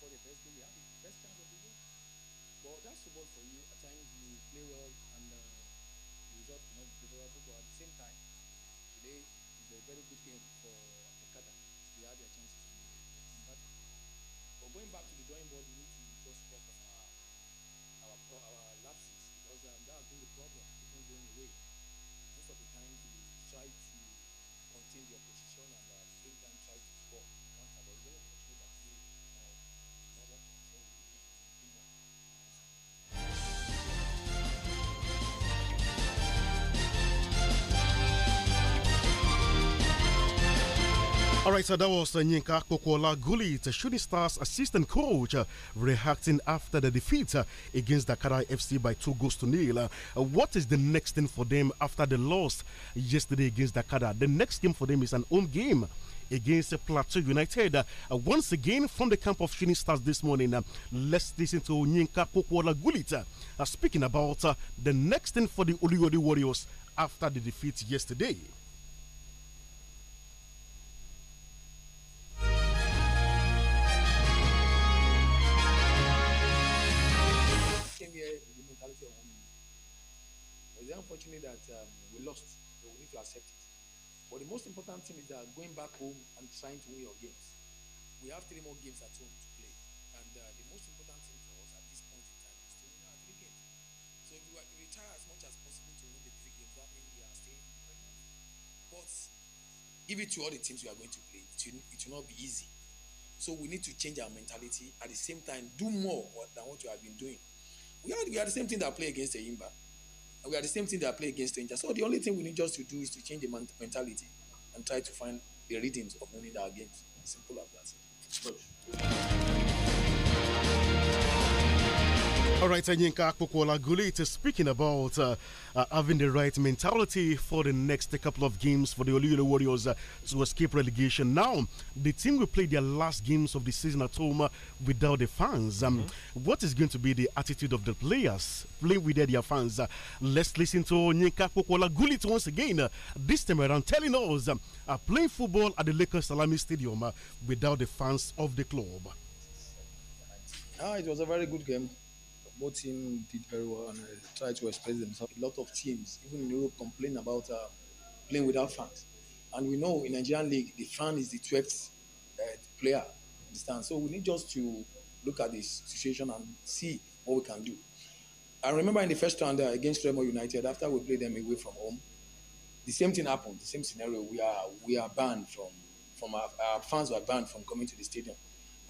for the best game you have the best chance of the game. But that's the ball for you. At times you play well and uh, the result will not favorable. But at the same time, today is a very good game for Qatar. They had their chances to But going back to the drawing board, we need to just work on our our, our lapses because um, that has been the problem. It's not going away. Most of the time, we try to contain the opposition and uh, at the same time try to score. Counter, but All right, so that was uh, Nyinka Kokola Gulit, uh, Shooting Stars assistant coach, uh, reacting after the defeat uh, against Dakar FC by two goals to nil. Uh, what is the next thing for them after the loss yesterday against Dakar? The next game for them is an home game against uh, Plateau United. Uh, once again, from the camp of Shooting Stars this morning, uh, let's listen to Nyinka Kokwola Gulita uh, speaking about uh, the next thing for the Oliwodi Warriors after the defeat yesterday. But the most important thing is that going back home and trying to win your games. We have three more games at home to play. And uh, the most important thing for us at this point in time is to win our three games. So if we, retire as much as possible to win the three games, that means we are staying pregnant. But give it to all the teams we are going to play. It will, it will not be easy. So we need to change our mentality. At the same time, do more than what you have been doing. We are, we are the same thing that play against the Imba. we are the same team that play against strangers. So the only thing we need just to do is to change the mentality and try to find the rhythms of winning our games. Simple as that. Coach. All right, Anyinka Akpokwala Guli is speaking about uh, uh, having the right mentality for the next couple of games for the Oluyole Warriors uh, to escape relegation. Now, the team will play their last games of the season at home uh, without the fans. Um, mm -hmm. What is going to be the attitude of the players playing with their fans? Uh, let's listen to Anyinka Akpokwala Guli once again, uh, this time around, telling us um, playing football at the Lakers Salami Stadium without the fans of the club. Ah, it was a very good game both team did very well and uh, tried to express themselves. A lot of teams, even in Europe, complain about uh, playing without fans. And we know in Nigerian league, the fan is the 12th uh, player. Understand? So we need just to look at this situation and see what we can do. I remember in the first round uh, against Remo United, after we played them away from home, the same thing happened. The same scenario. We are we are banned from from our, our fans were banned from coming to the stadium.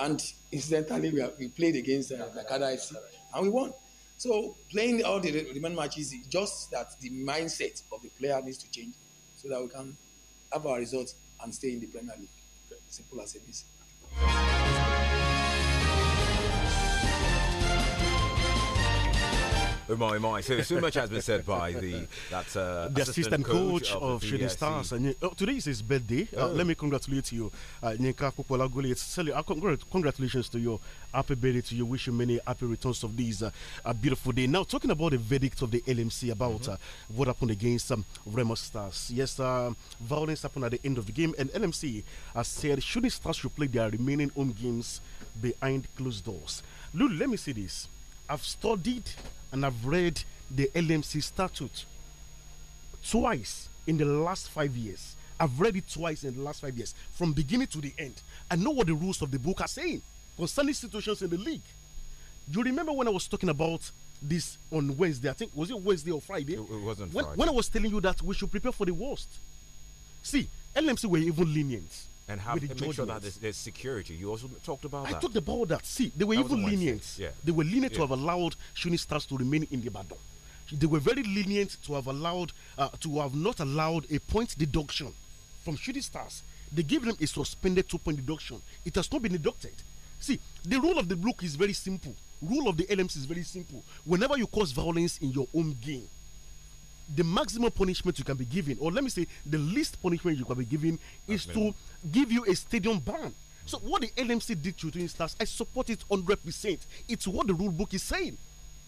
and incidentally we, are, we played against uh, Nakada FC and we won. So playing all the remaining matches is just that the mindset of the player needs to change so that we can have our results and stay in the Premier League. Simple as it is. my, my. So, so much has been said by the that's, uh, the assistant, assistant coach, coach, of, of Shooting Stars. And, oh, uh, today is his birthday. Uh, oh. let me congratulate you, uh, Nyinka Popolaguli. Uh, congratulations to you. Happy birthday to you. Wish you many happy returns of this uh, a beautiful day. Now, talking about the verdict of the LMC about mm -hmm. what happened against um, Remo Stars. Yes, um, violence happened at the end of the game, and LMC has said Shooting Stars should play their remaining home games behind closed doors. Lulu, let me see this. I've studied and I've read the LMC statute twice in the last five years. I've read it twice in the last five years, from beginning to the end. I know what the rules of the book are saying concerning situations in the league. You remember when I was talking about this on Wednesday? I think was it Wednesday or Friday? It, wasn't when, Friday. When I was telling you that we should prepare for the worst. See, LMC were even lenient and have and make sure that there's, there's, security. You also talked about I that. I talked about that. See, they were that even lenient. Yeah. They were lenient yeah. to have allowed Shuni Stars to remain in the battle. They were very lenient to have allowed uh, to have not allowed a point deduction from Shooting Stars. They gave them a suspended two-point deduction. It has not been deducted. See, the rule of the book is very simple. Rule of the LMC is very simple. Whenever you cause violence in your own game, the maximum punishment you can be given, or let me say, the least punishment you can be given, is to give you a stadium ban. So what the LMC did to Twin Stars, I support it 100%. It's what the rule book is saying.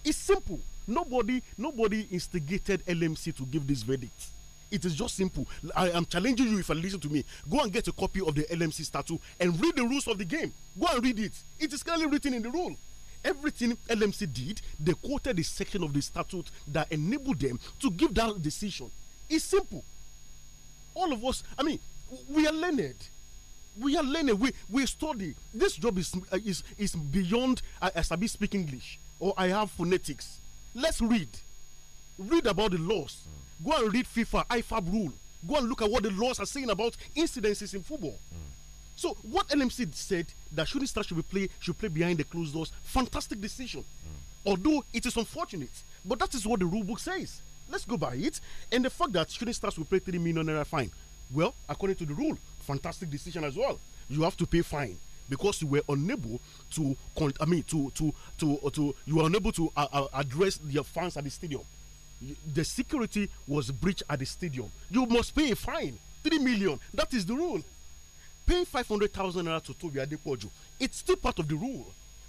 It's simple. Nobody, nobody instigated LMC to give this verdict. It is just simple. I am challenging you if I listen to me. Go and get a copy of the LMC statute and read the rules of the game. Go and read it. It is clearly written in the rule everything LMC did, they quoted the section of the statute that enabled them to give that decision. It's simple. All of us, I mean, we are learned. We are learning. We we study. This job is uh, is is beyond. I, I speak English or I have phonetics. Let's read. Read about the laws. Go and read FIFA IFAB rule. Go and look at what the laws are saying about incidences in football. Mm so what NMC said that shooting star should be play should play behind the closed doors. Fantastic decision, mm. although it is unfortunate, but that is what the rule book says. Let's go by it, and the fact that shooting stars will pay three million naira fine. Well, according to the rule, fantastic decision as well. You have to pay fine because you were unable to I mean to to to to you were unable to uh, uh, address your fans at the stadium. The security was breached at the stadium. You must pay a fine, three million. That is the rule paying 500,000 naira to Toby Adepoju, it's still part of the rule.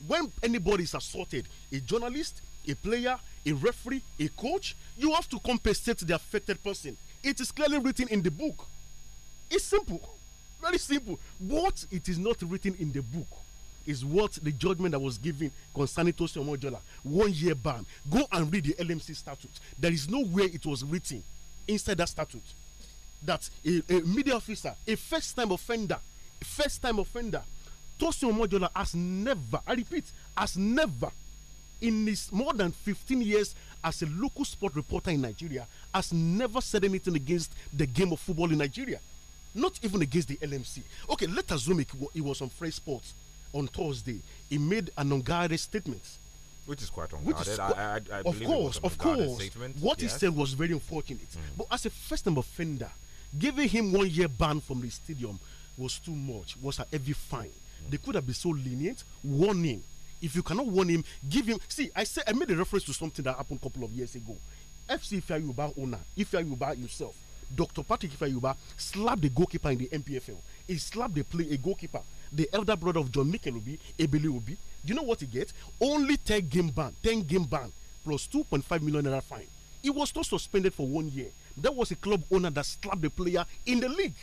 When anybody is assaulted, a journalist, a player, a referee, a coach, you have to compensate the affected person. It is clearly written in the book. It's simple, very simple. What it is not written in the book is what the judgment that was given concerning Tosin Omojola, one year ban. Go and read the LMC statute. There is no way it was written inside that statute that a, a media officer, a first-time offender, first time offender, Tosin Omojola has never, I repeat, has never in his more than 15 years as a local sport reporter in Nigeria has never said anything against the game of football in Nigeria. Not even against the LMC. Okay, let us assume it was on Free Sports on Thursday. He made an unguarded statement. Which is quite unguarded. Is I, I, I of course, of course. Statement. What yes. he said was very unfortunate. Mm. But as a first-time offender, giving him one year ban from the stadium was too much, was a heavy fine. They could have been so lenient, Warning. If you cannot warn him, give him. See, I said I made a reference to something that happened a couple of years ago. FC Ifeanyi owner, Ifeanyi Uba himself, Dr. Patrick Ifeanyi Uba slapped the goalkeeper in the MPFL. He slapped the play a goalkeeper, the elder brother of John Mikel Obi, Ebele Obi. Do you know what he gets? Only 10 game ban, 10 game ban, plus 2.5 million naira fine. He was not suspended for one year. That was a club owner that slapped the player in the league.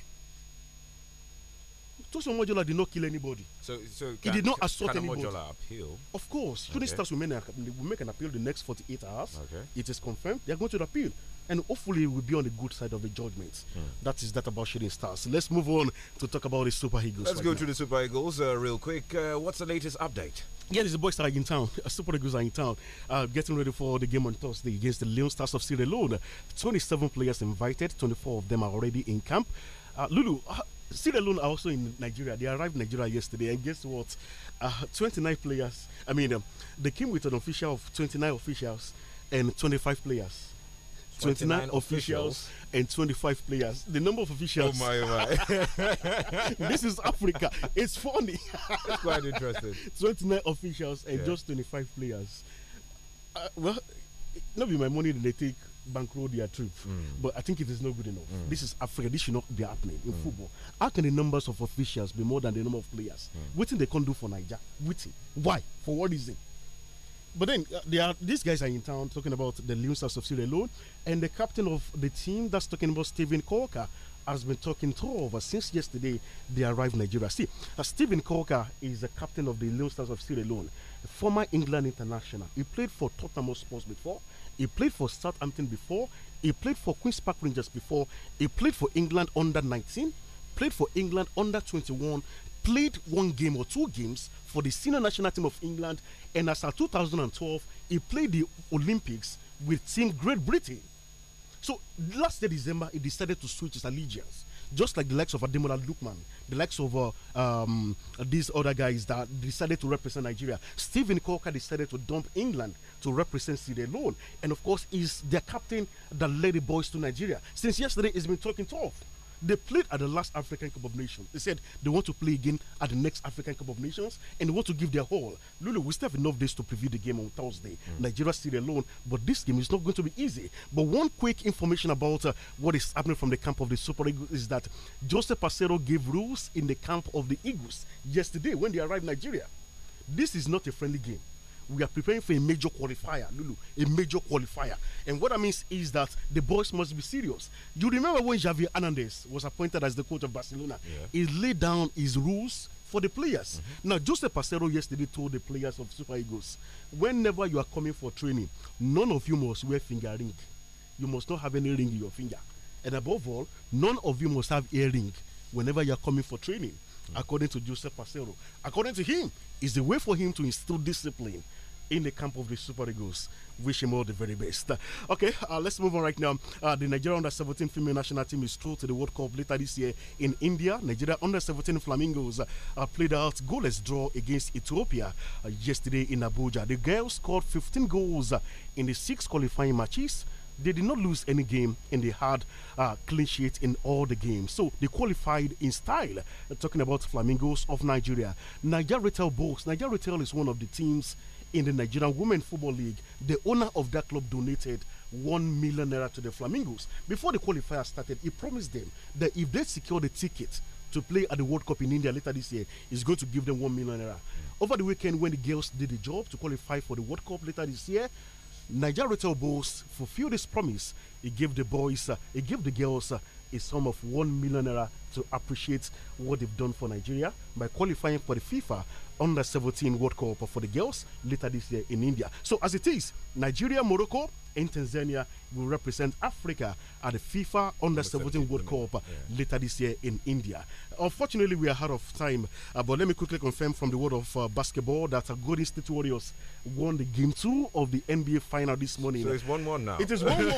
Tosun Mojola did not kill anybody. So, so can, he did not assault can anybody. Mojola appeal? Of course. Okay. Student staff will make, will make an appeal the next 48 hours. Okay. It is confirmed. They are going to appeal. And hopefully, we'll be on the good side of the judgment. Mm. That is that about shooting stars. Let's move on to talk about the Super Eagles. Let's right go now. to the Super Eagles uh, real quick. Uh, what's the latest update? Yeah, the boys are in town. Super Eagles are in town, uh, getting ready for the game on Thursday against the Leon Stars of Sierra Leone. 27 players invited, 24 of them are already in camp. Uh, Lulu, uh, Still alone. are also in Nigeria. They arrived in Nigeria yesterday, and guess what? Uh, 29 players. I mean, um, they came with an official of 29 officials and 25 players. 29, 29 officials, officials and 25 players. The number of officials. Oh my, oh, my. this is Africa. It's funny. it's quite interesting. 29 officials and yeah. just 25 players. Uh, well, not be my money that they take bankroll their trip. Mm. But I think it is not good enough. Mm. This is Africa. This should not be happening in hmm. football. How can the numbers of officials be more than the number of players? Mm. Waiting they can't do for Niger. What? Why? For what reason? But then uh, are, these guys are in town talking about the Leon Stars of Sierra loan, and the captain of the team that's talking about Stephen Corker has been talking to over since yesterday they arrived in Nigeria. See, uh, Stephen Corker is the captain of the Leon Stars of loan, a former England international. He played for Tottenham Sports before, he played for Southampton before. He played for Queen's Park Rangers before. He played for England under 19, played for England under 21, played one game or two games for the senior national team of England. And as of 2012, he played the Olympics with Team Great Britain. So last December, he decided to switch his allegiance just like the likes of Ademola Lukman, the likes of uh, um, these other guys that decided to represent Nigeria. Stephen Corker decided to dump England to represent Syria alone. And of course, is their captain that led the boys to Nigeria. Since yesterday, he's been talking tough. They played at the last African Cup of Nations. They said they want to play again at the next African Cup of Nations and they want to give their all. Lulu, we still have enough days to preview the game on Thursday. Mm. Nigeria still alone, but this game is not going to be easy. But one quick information about uh, what is happening from the camp of the Super Eagles is that Joseph Pacero gave rules in the camp of the Eagles yesterday when they arrived Nigeria. This is not a friendly game we are preparing for a major qualifier, Lulu, a major qualifier. And what that means is that the boys must be serious. You remember when Javier Hernandez was appointed as the coach of Barcelona? Yeah. He laid down his rules for the players. Mm -hmm. Now, Jose Pacero yesterday told the players of Super Eagles, whenever you are coming for training, none of you must wear finger ring. You must not have any ring in your finger. And above all, none of you must have earring whenever you are coming for training mm. according to Joseph Pacero. According to him, is the way for him to instill discipline in the camp of the Super Eagles. Wish him all the very best. Okay, uh, let's move on right now. Uh, the Nigeria under 17 female national team is through to the World Cup later this year in India. Nigeria under 17 Flamingos uh, played out goalless draw against Ethiopia uh, yesterday in Abuja. The girls scored 15 goals uh, in the six qualifying matches they did not lose any game and they had uh, clean sheet in all the games. So they qualified in style. Uh, talking about Flamingos of Nigeria, Nigeria Retail Bulls. Nigeria Retail is one of the teams in the Nigerian Women Football League. The owner of that club donated 1 million naira to the Flamingos. Before the qualifier started, he promised them that if they secure the ticket to play at the World Cup in India later this year, he's going to give them 1 million naira. Mm. Over the weekend, when the girls did the job to qualify for the World Cup later this year, Nigeria Retail Bulls fulfilled his promise. He gave the boys, uh, he gave the girls uh, a sum of 1 million naira to appreciate what they've done for Nigeria by qualifying for the FIFA under 17 World Cup for the girls later this year in India. So, as it is, Nigeria, Morocco, in Tanzania will represent Africa at the FIFA Under 17 World Cup yeah. later this year in India. Unfortunately, we are out of time, uh, but let me quickly confirm from the world of uh, basketball that uh, Golden State Warriors won the game two of the NBA final this morning. So it's 1 1 now. It is 1 1.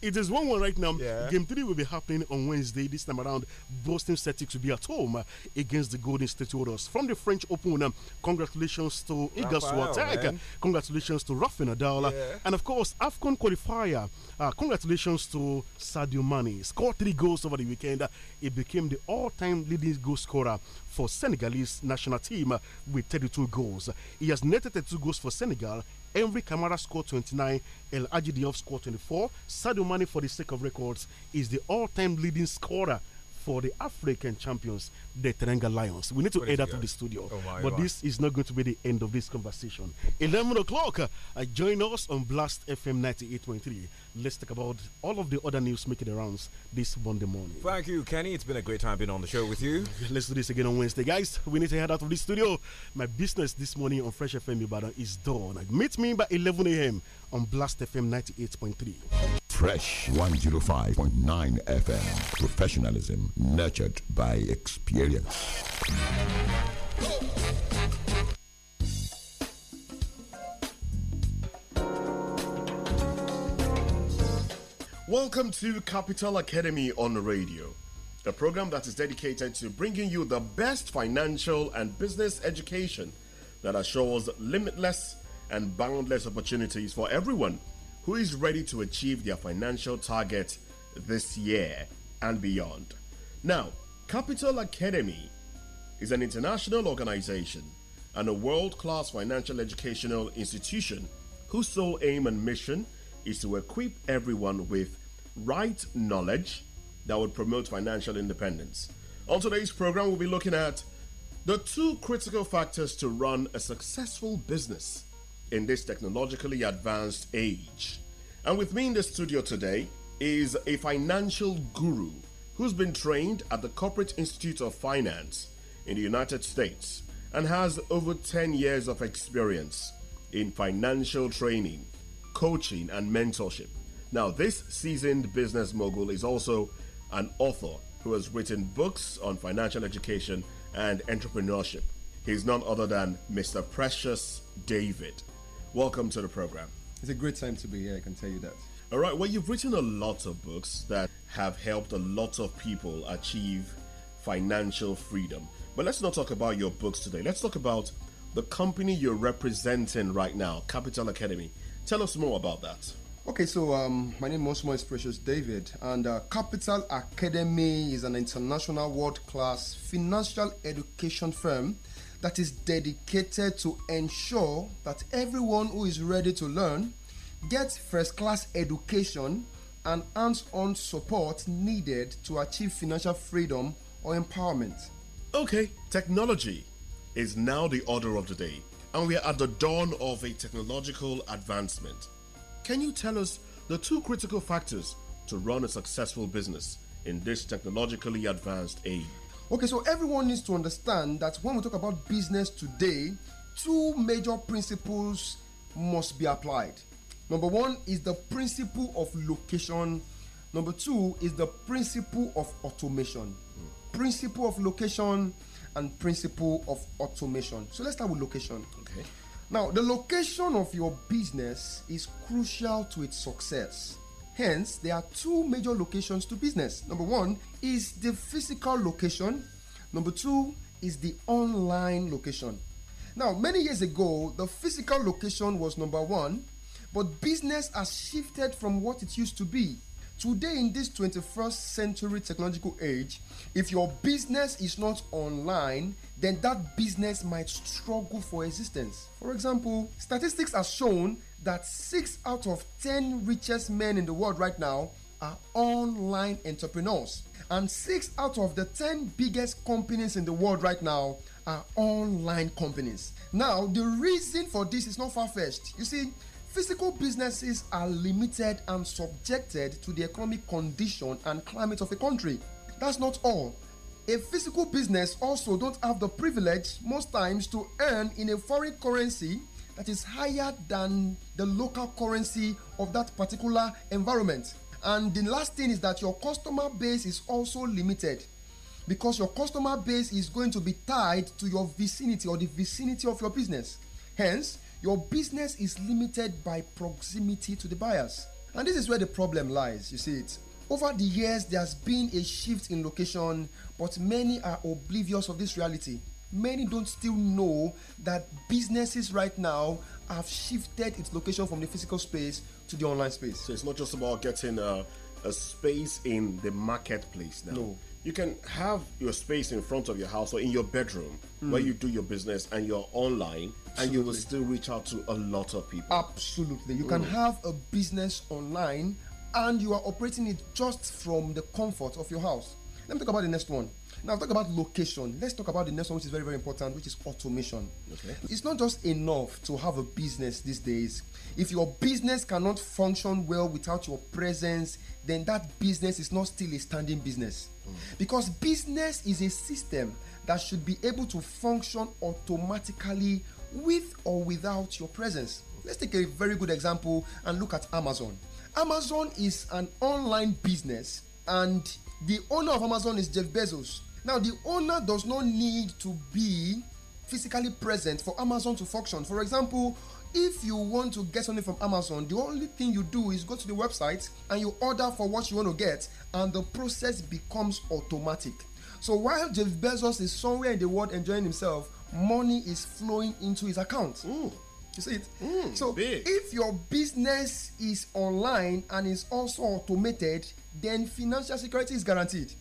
it is 1 1 right now. Yeah. Game three will be happening on Wednesday. This time around, Boston Celtics will be at home uh, against the Golden State Warriors. From the French Open, um, congratulations to Igor Swatek. Congratulations to Rafa Nadal. Yeah. Uh, yeah. And of course, AFCON qualifier. Uh, congratulations to Sadio Mane. Scored three goals over the weekend. He became the all time leading goal scorer for Senegalese national team with 32 goals. He has netted 32 goals for Senegal. Henry Kamara scored 29, El Aji Diop scored 24. Sadio Mane, for the sake of records, is the all time leading scorer for the African champions, the Teranga Lions. We need to head out to the studio. Oh but this is not going to be the end of this conversation. 11 o'clock, uh, join us on Blast FM 98.3 let's talk about all of the other news making the rounds this Monday morning. Thank you, Kenny. It's been a great time being on the show with you. Let's do this again on Wednesday, guys. We need to head out of the studio. My business this morning on Fresh FM Ibadan is done. Meet me by 11 a.m. on Blast FM 98.3. Fresh 105.9 FM. Professionalism nurtured by experience. Welcome to Capital Academy on Radio, the program that is dedicated to bringing you the best financial and business education that assures limitless and boundless opportunities for everyone who is ready to achieve their financial target this year and beyond. Now, Capital Academy is an international organization and a world class financial educational institution whose sole aim and mission is to equip everyone with right knowledge that would promote financial independence. On today's program, we'll be looking at the two critical factors to run a successful business in this technologically advanced age. And with me in the studio today is a financial guru who's been trained at the Corporate Institute of Finance in the United States and has over 10 years of experience in financial training coaching, and mentorship. Now, this seasoned business mogul is also an author who has written books on financial education and entrepreneurship. He's none other than Mr. Precious David. Welcome to the program. It's a great time to be here, I can tell you that. All right, well, you've written a lot of books that have helped a lot of people achieve financial freedom. But let's not talk about your books today. Let's talk about the company you're representing right now, Capital Academy. Tell us more about that. Okay, so um, my name once is Precious David, and uh, Capital Academy is an international world class financial education firm that is dedicated to ensure that everyone who is ready to learn gets first class education and hands on support needed to achieve financial freedom or empowerment. Okay, technology is now the order of the day and we are at the dawn of a technological advancement. Can you tell us the two critical factors to run a successful business in this technologically advanced age? Okay, so everyone needs to understand that when we talk about business today, two major principles must be applied. Number one is the principle of location. Number two is the principle of automation. Mm. Principle of location and principle of automation. So let's start with location. Okay. Now, the location of your business is crucial to its success. Hence, there are two major locations to business. Number one is the physical location, number two is the online location. Now, many years ago, the physical location was number one, but business has shifted from what it used to be Today, in this 21st century technological age, if your business is not online, then that business might struggle for existence. For example, statistics have shown that six out of ten richest men in the world right now are online entrepreneurs. And six out of the ten biggest companies in the world right now are online companies. Now, the reason for this is not far fetched. You see, Physical businesses are limited and subjected to the economic condition and climate of a country. That's not all. A physical business also don't have the privilege most times to earn in a foreign currency that is higher than the local currency of that particular environment. And the last thing is that your customer base is also limited because your customer base is going to be tied to your vicinity or the vicinity of your business. Hence, your business is limited by proximity to the buyers. And this is where the problem lies, you see it. Over the years, there's been a shift in location, but many are oblivious of this reality. Many don't still know that businesses right now have shifted its location from the physical space to the online space. So it's not just about getting a, uh, a space in the marketplace now. No you can have your space in front of your house or in your bedroom mm. where you do your business and you're online Absolutely. and you will still reach out to a lot of people. Absolutely. You mm. can hmm. have a business online and you are operating it just from the comfort of your house. Let me talk about the next one. Now, talk about location. Let's talk about the next one, which is very, very important, which is automation. Okay. It's not just enough to have a business these days. If your business cannot function well without your presence, then that business is not still a standing business. Because business is a system that should be able to function automatically with or without your presence. Let's take a very good example and look at Amazon. Amazon is an online business, and the owner of Amazon is Jeff Bezos. Now, the owner does not need to be physically present for Amazon to function. For example, if you want to get something from Amazon, the only thing you do is go to the website and you order for what you want to get, and the process becomes automatic. So while Jeff Bezos is somewhere in the world enjoying himself, money is flowing into his account. Mm. You see it? Mm, so big. if your business is online and is also automated, then financial security is guaranteed.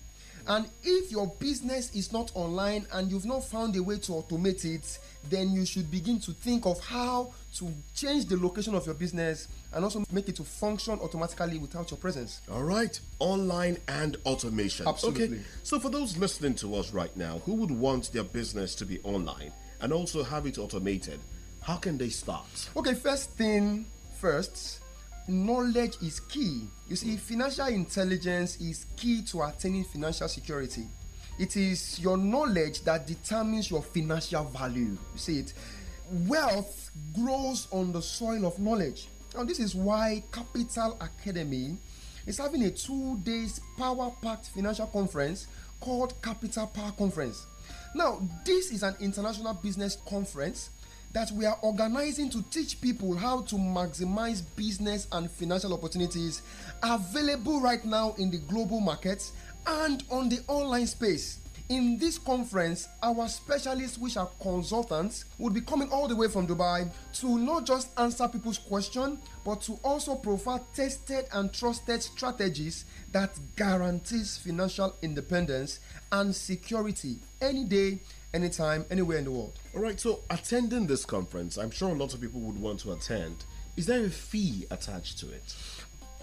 And if your business is not online and you've not found a way to automate it, then you should begin to think of how to change the location of your business and also make it to function automatically without your presence. All right, online and automation. Absolutely. Okay. So for those listening to us right now who would want their business to be online and also have it automated, how can they start? Okay, first thing first, knowledge is key. You see, financial intelligence is key to attaining financial security. It is your knowledge that determines your financial value. You see it? Wealth grows on the soil of knowledge. Now, this is why Capital Academy is having a two days power packed financial conference called Capital Power Conference. Now, this is an international business conference that we are organizing to teach people how to maximize business and financial opportunities available right now in the global markets and on the online space. In this conference, our specialists, which are consultants, will be coming all the way from Dubai to not just answer people's questions, but to also provide tested and trusted strategies that guarantees financial independence and security any day anytime, anywhere in the world. All right, so attending this conference, I'm sure a lot of people would want to attend. Is there a fee attached to it?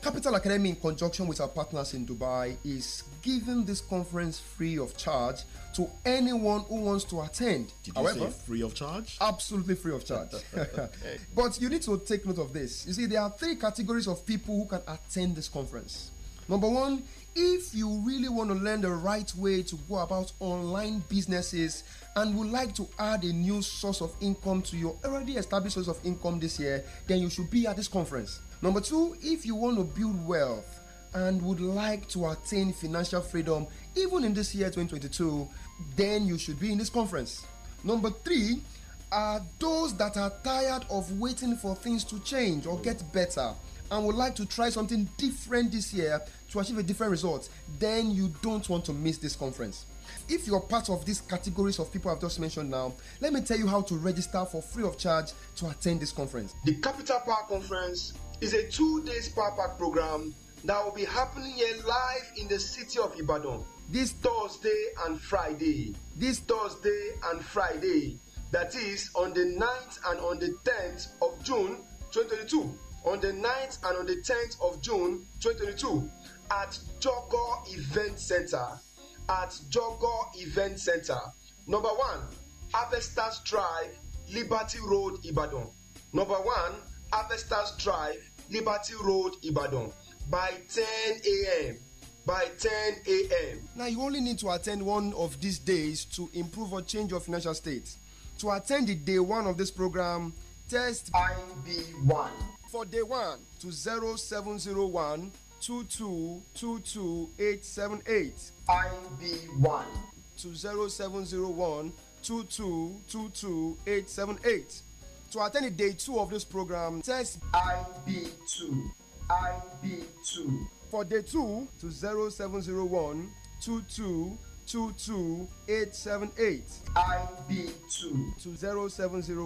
Capital Academy, in conjunction with our partners in Dubai, is giving this conference free of charge to anyone who wants to attend. Did However, say free of charge? Absolutely free of charge. But you need to take note of this. You see, there are three categories of people who can attend this conference. Number one If you really want to learn the right way to go about online businesses and would like to add a new source of income to your already established source of income this year, then you should be at this conference. Number two, if you want to build wealth and would like to attain financial freedom even in this year 2022, then you should be in this conference. Number three, are those that are tired of waiting for things to change or get better and would like to try something different this year to achieve a different result, then you don't want to miss this conference. If you're part of these categories of people I've just mentioned now, let me tell you how to register for free of charge to attend this conference. The Capital Power Conference is a two days power pack program that will be happening here live in the city of Ibadan this Thursday and Friday. This Thursday and Friday, that is on the 9th and on the 10th of June 2022. on the 9th and on the 10th of June 2022 at Jogor Event Center. At Jogor Event Center. Number one, Avestas Drive, Liberty Road, Ibadan. Number one, Avestas Drive, Liberty Road, Ibadan by 10 a.m. by 10 a.m. Now you only need to attend one of these days to improve or change your financial state. To attend the day one of this program, test IB1 for day one to zero seven zero one two two two two eight seven eight ib one, to zero seven zero one two two two two eight seven eight. To attend the day two of this program, text IB2 ib two. for day two to zero seven zero one two two. two two eight seven 22878 IB2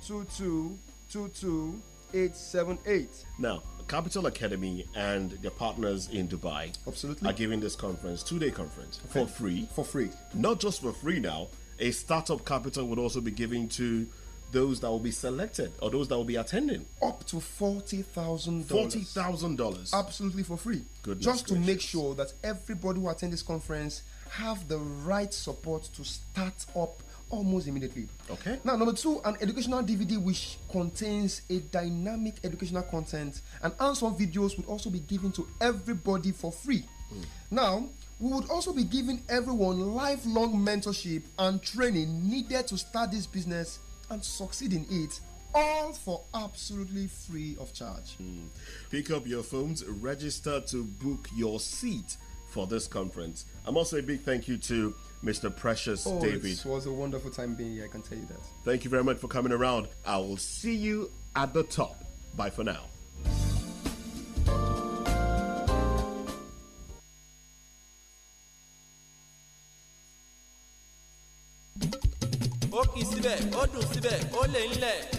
to two two two. 878. Now, Capital Academy and their partners in Dubai absolutely are giving this conference, two day conference, okay. for free. For free. Not just for free now, a startup capital would also be giving to those that will be selected or those that will be attending. Up to $40,000. $40,000. Absolutely for free. Goodness Just gracious. to make sure that everybody who attend this conference have the right support to start up almost immediately. Okay. Now, number two, an educational DVD which contains a dynamic educational content and answer videos would also be given to everybody for free. Mm. Now, we would also be giving everyone lifelong mentorship and training needed to start this business and succeed in it all for absolutely free of charge. Mm. Pick up your phones, register to book your seat for this conference. I'm also a big thank you to Mr. Precious oh, David. It was a wonderful time being here, I can tell you that. Thank you very much for coming around. I will see you at the top. Bye for now. síbẹ̀ síbẹ̀ ó lè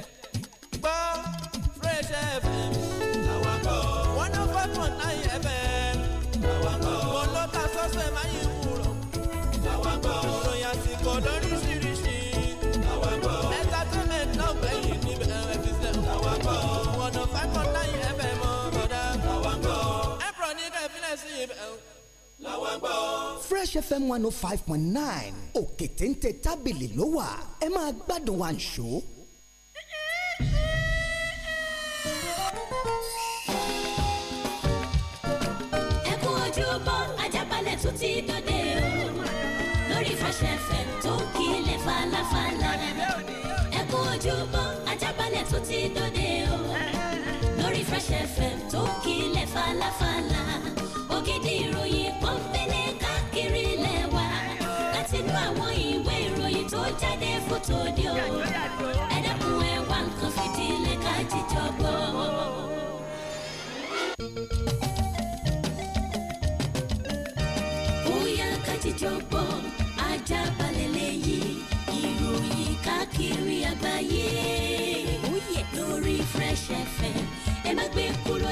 gbọ́. Fresh FM one oh five point nine òkè téńté tábìlì ló wà ẹ máa gbádùn wa ń ṣó. ẹ kú ojúbọ Ajaabale tún ti dòde o lórí Fresh FM tó ń kílẹ̀ falafala ẹ kú ojúbọ Ajaabale tún ti dòde o lórí Fresh FM tó ń kílẹ̀ falafala.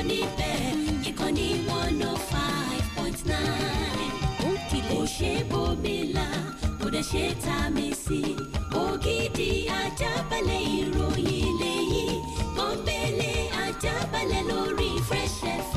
níbẹ̀ ìkànnì one oh five point nine. ó kìlẹ̀ ó ṣe bòmílà kò dẹ̀ ṣe tá a mi sí. ògidì ajábalẹ̀ ìròyìn lẹ́yìn pọ́npẹ́lẹ́ ajábalẹ̀ lórí fresh air.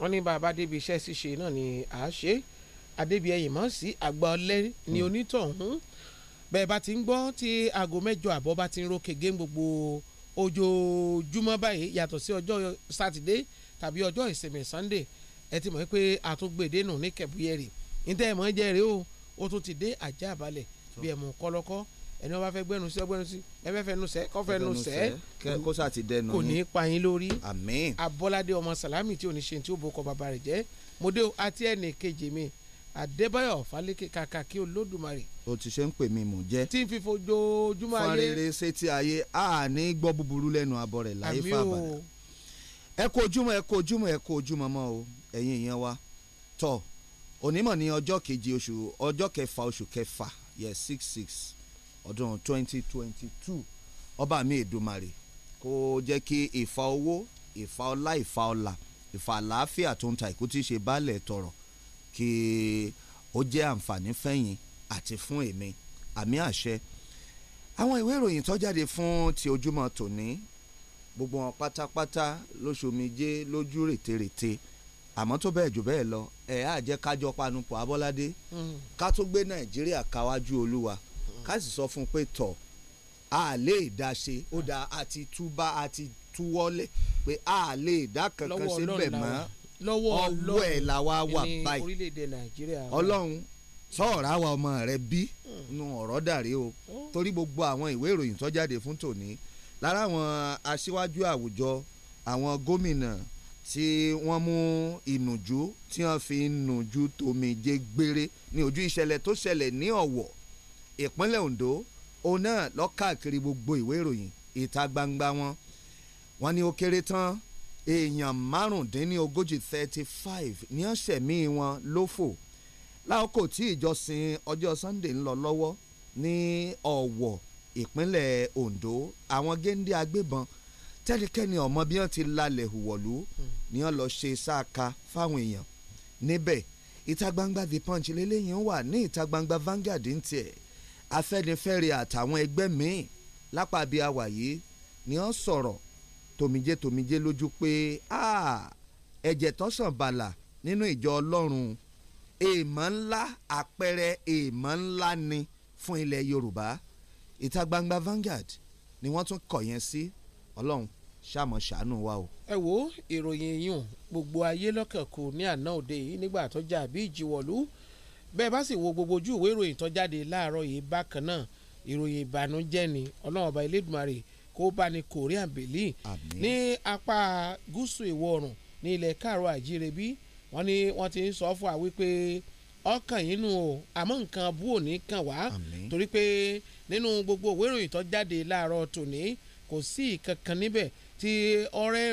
wọ́n ní bàbá débi iṣẹ́ ṣíṣe náà ni à á ṣe adébíyẹyìn mọ́ sí àgbà ọlẹ́ ní hmm. onítọ̀hún bẹ́ẹ̀ bá ti ń gbọ́ tí aago mẹ́jọ àbọ̀ bá ti ń ro kege gbogbo ojoojúmọ́ báyìí yàtọ̀ sí ọjọ́ sátidé tàbí ọjọ́ ìsinmi sunday ẹ ti mọ̀ pé àtúngbèdé e nù ní kẹ̀bùyẹ̀rì níta ẹ̀ mọ̀ jẹ́rìí o ó tún ti dé àjẹ́ àbálẹ̀ bí ẹ̀ mú kọ́lọ́kọ́ ẹni wọn bá fẹ́ gbẹnu sẹ gbẹnu sí ẹ fẹ́ fẹnu sẹ kọ fẹnu sẹ kò ní pa yín lórí abọ́ládé ọmọ sàlámì tí oníṣe tí ó bo kọ bàbá rẹ̀ jẹ́ mòdé àti ẹnì kejì mi àdébáyọ̀ falẹ́kẹ́ kàkà kí olódùmarè. o ti ṣe ń pè mí mò ń tí n fi fojoojúmọ́ ayé. farere sétí ayé a ní gbọ́ búburú lẹ́nu abọ́ rẹ̀ láyé fàbàrà. ẹ kú ojúmọ́ ẹ kú ojúmọ́ ẹ kú ojúmọ́ mọ́ o ẹ̀yin èèyàn wa tọ̀ onímọ̀ ní ọjọ́ keje oṣù ọjọ́ kẹfà oṣù kẹfà yẹ six six ọdún 2022 ọba mi Èdùmàrè kó jẹ́ kí ìfà owó ìfà ọlá ìfà ọlà ìfà àlàáfíà tó ń ta ìkú tí í ṣe baálẹ̀ tọrọ kí ó jẹ́ àǹfààní fẹ́yìn àti fún èmi àmì àṣẹ àwọn ìwé ìròyìn tó jáde fún ti ojúmọ́ tòní gbogbo wọn pátápátá lóṣùmíjé lójú rètérètè àmọ́ tó bẹ́ẹ̀ jù bẹ́ẹ̀ lọ ẹ̀ á jẹ́ kájọ panupọ̀ abọ́ládé hmm. ká tó gbé nàìjíríà káwájú olúwa ká sì sọ fún un pé tọ̀ a lè dá ṣe ó dá a ti túbá a ti túwọ́lẹ̀ pé a lè dá kankan ṣe bẹ̀ mọ́ lọ́wọ́ ọwọ́ ẹ̀ la wá wà báyìí ọlọ́run sọ̀rọ̀ àwa ọmọ rẹ bí hmm. nu ọ̀rọ̀ dàrí o hmm. torí gbogbo àwọn ìwé ìròyìn tó jáde fún tòní lára àwọn aṣíwájú àwùjọ àwọn gómìnà tí wọ́n mú ìnùjú tí wọ́n fi ìnùjú tòmíje gbére ní ojú ìṣẹ̀lẹ̀ tó ṣẹlẹ̀ ní ọ̀wọ̀ ìpínlẹ̀ Ondo òun náà lọ káàkiri gbogbo ìwé ìròyìn ìta gbangba wọn wọ́n ní ó kéré tán èèyàn márùndínlógójì thirty five ní ọ̀sẹ̀mí wọn ló fò láòkò tí ìjọsìn ọjọ́ Sunday ń lọ lọ́wọ́ ní Ọ̀wọ̀ ìpínlẹ̀ Ondo àwọn géńdé agbébọn tẹ́nikẹ́ni ọmọ bí wọ́n ti lalẹ̀ hùwọ̀lú ni wọ́n lọ ṣe sáàka fáwọn èèyàn níbẹ̀ ìta gbangba The Punch lélẹ́yìn wà ní ìta gbangba Vanguard ń tiẹ̀ afẹ́nifẹ́re àtàwọn ẹgbẹ́ míì lápá bíi àwàyé ni wọ́n sọ̀rọ̀ tòmijé tòmijé lójú pé ẹ̀jẹ̀ tó sàn bàlà nínú ìjọ ọlọ́run èèmọ̀ ńlá àpẹẹrẹ èèmọ̀ ńlá ni fún ilẹ̀ yorùbá ìta gbangba Vanguard ni wọ́n tún kọ̀ yẹn sí ọlọ́run ṣàmọ̀ ṣàánú wa o. ẹ wo ìròyìn yìí gbogbo ayé lọ́kàn kù ní àná òde yìí nígbà tó jà bí ìjìwọ̀lú bẹ́ẹ̀ bá sì wo gbogbo ojú ìwé ìròyìn tó jáde láàárọ̀ yìí bákan náà ìròyìn ìbànújẹ́ ni ọlọ́run ọba elédùnmarè kó bá ní korean bèlì ní apá gúúsù ìwọ̀ oòrùn ní ilẹ̀ káàrọ̀ àjíire bí wọ́n ní wọ́n ti ń sọ fún wa wípé ọkàn yìí nù o àmọ́ nǹkan bú òní kàn wá torí pé nínú gbogbo ìwé ìròyìn tó jáde láàárọ̀ tòní kò sí ìkankan níbẹ̀ tí ọ̀rẹ́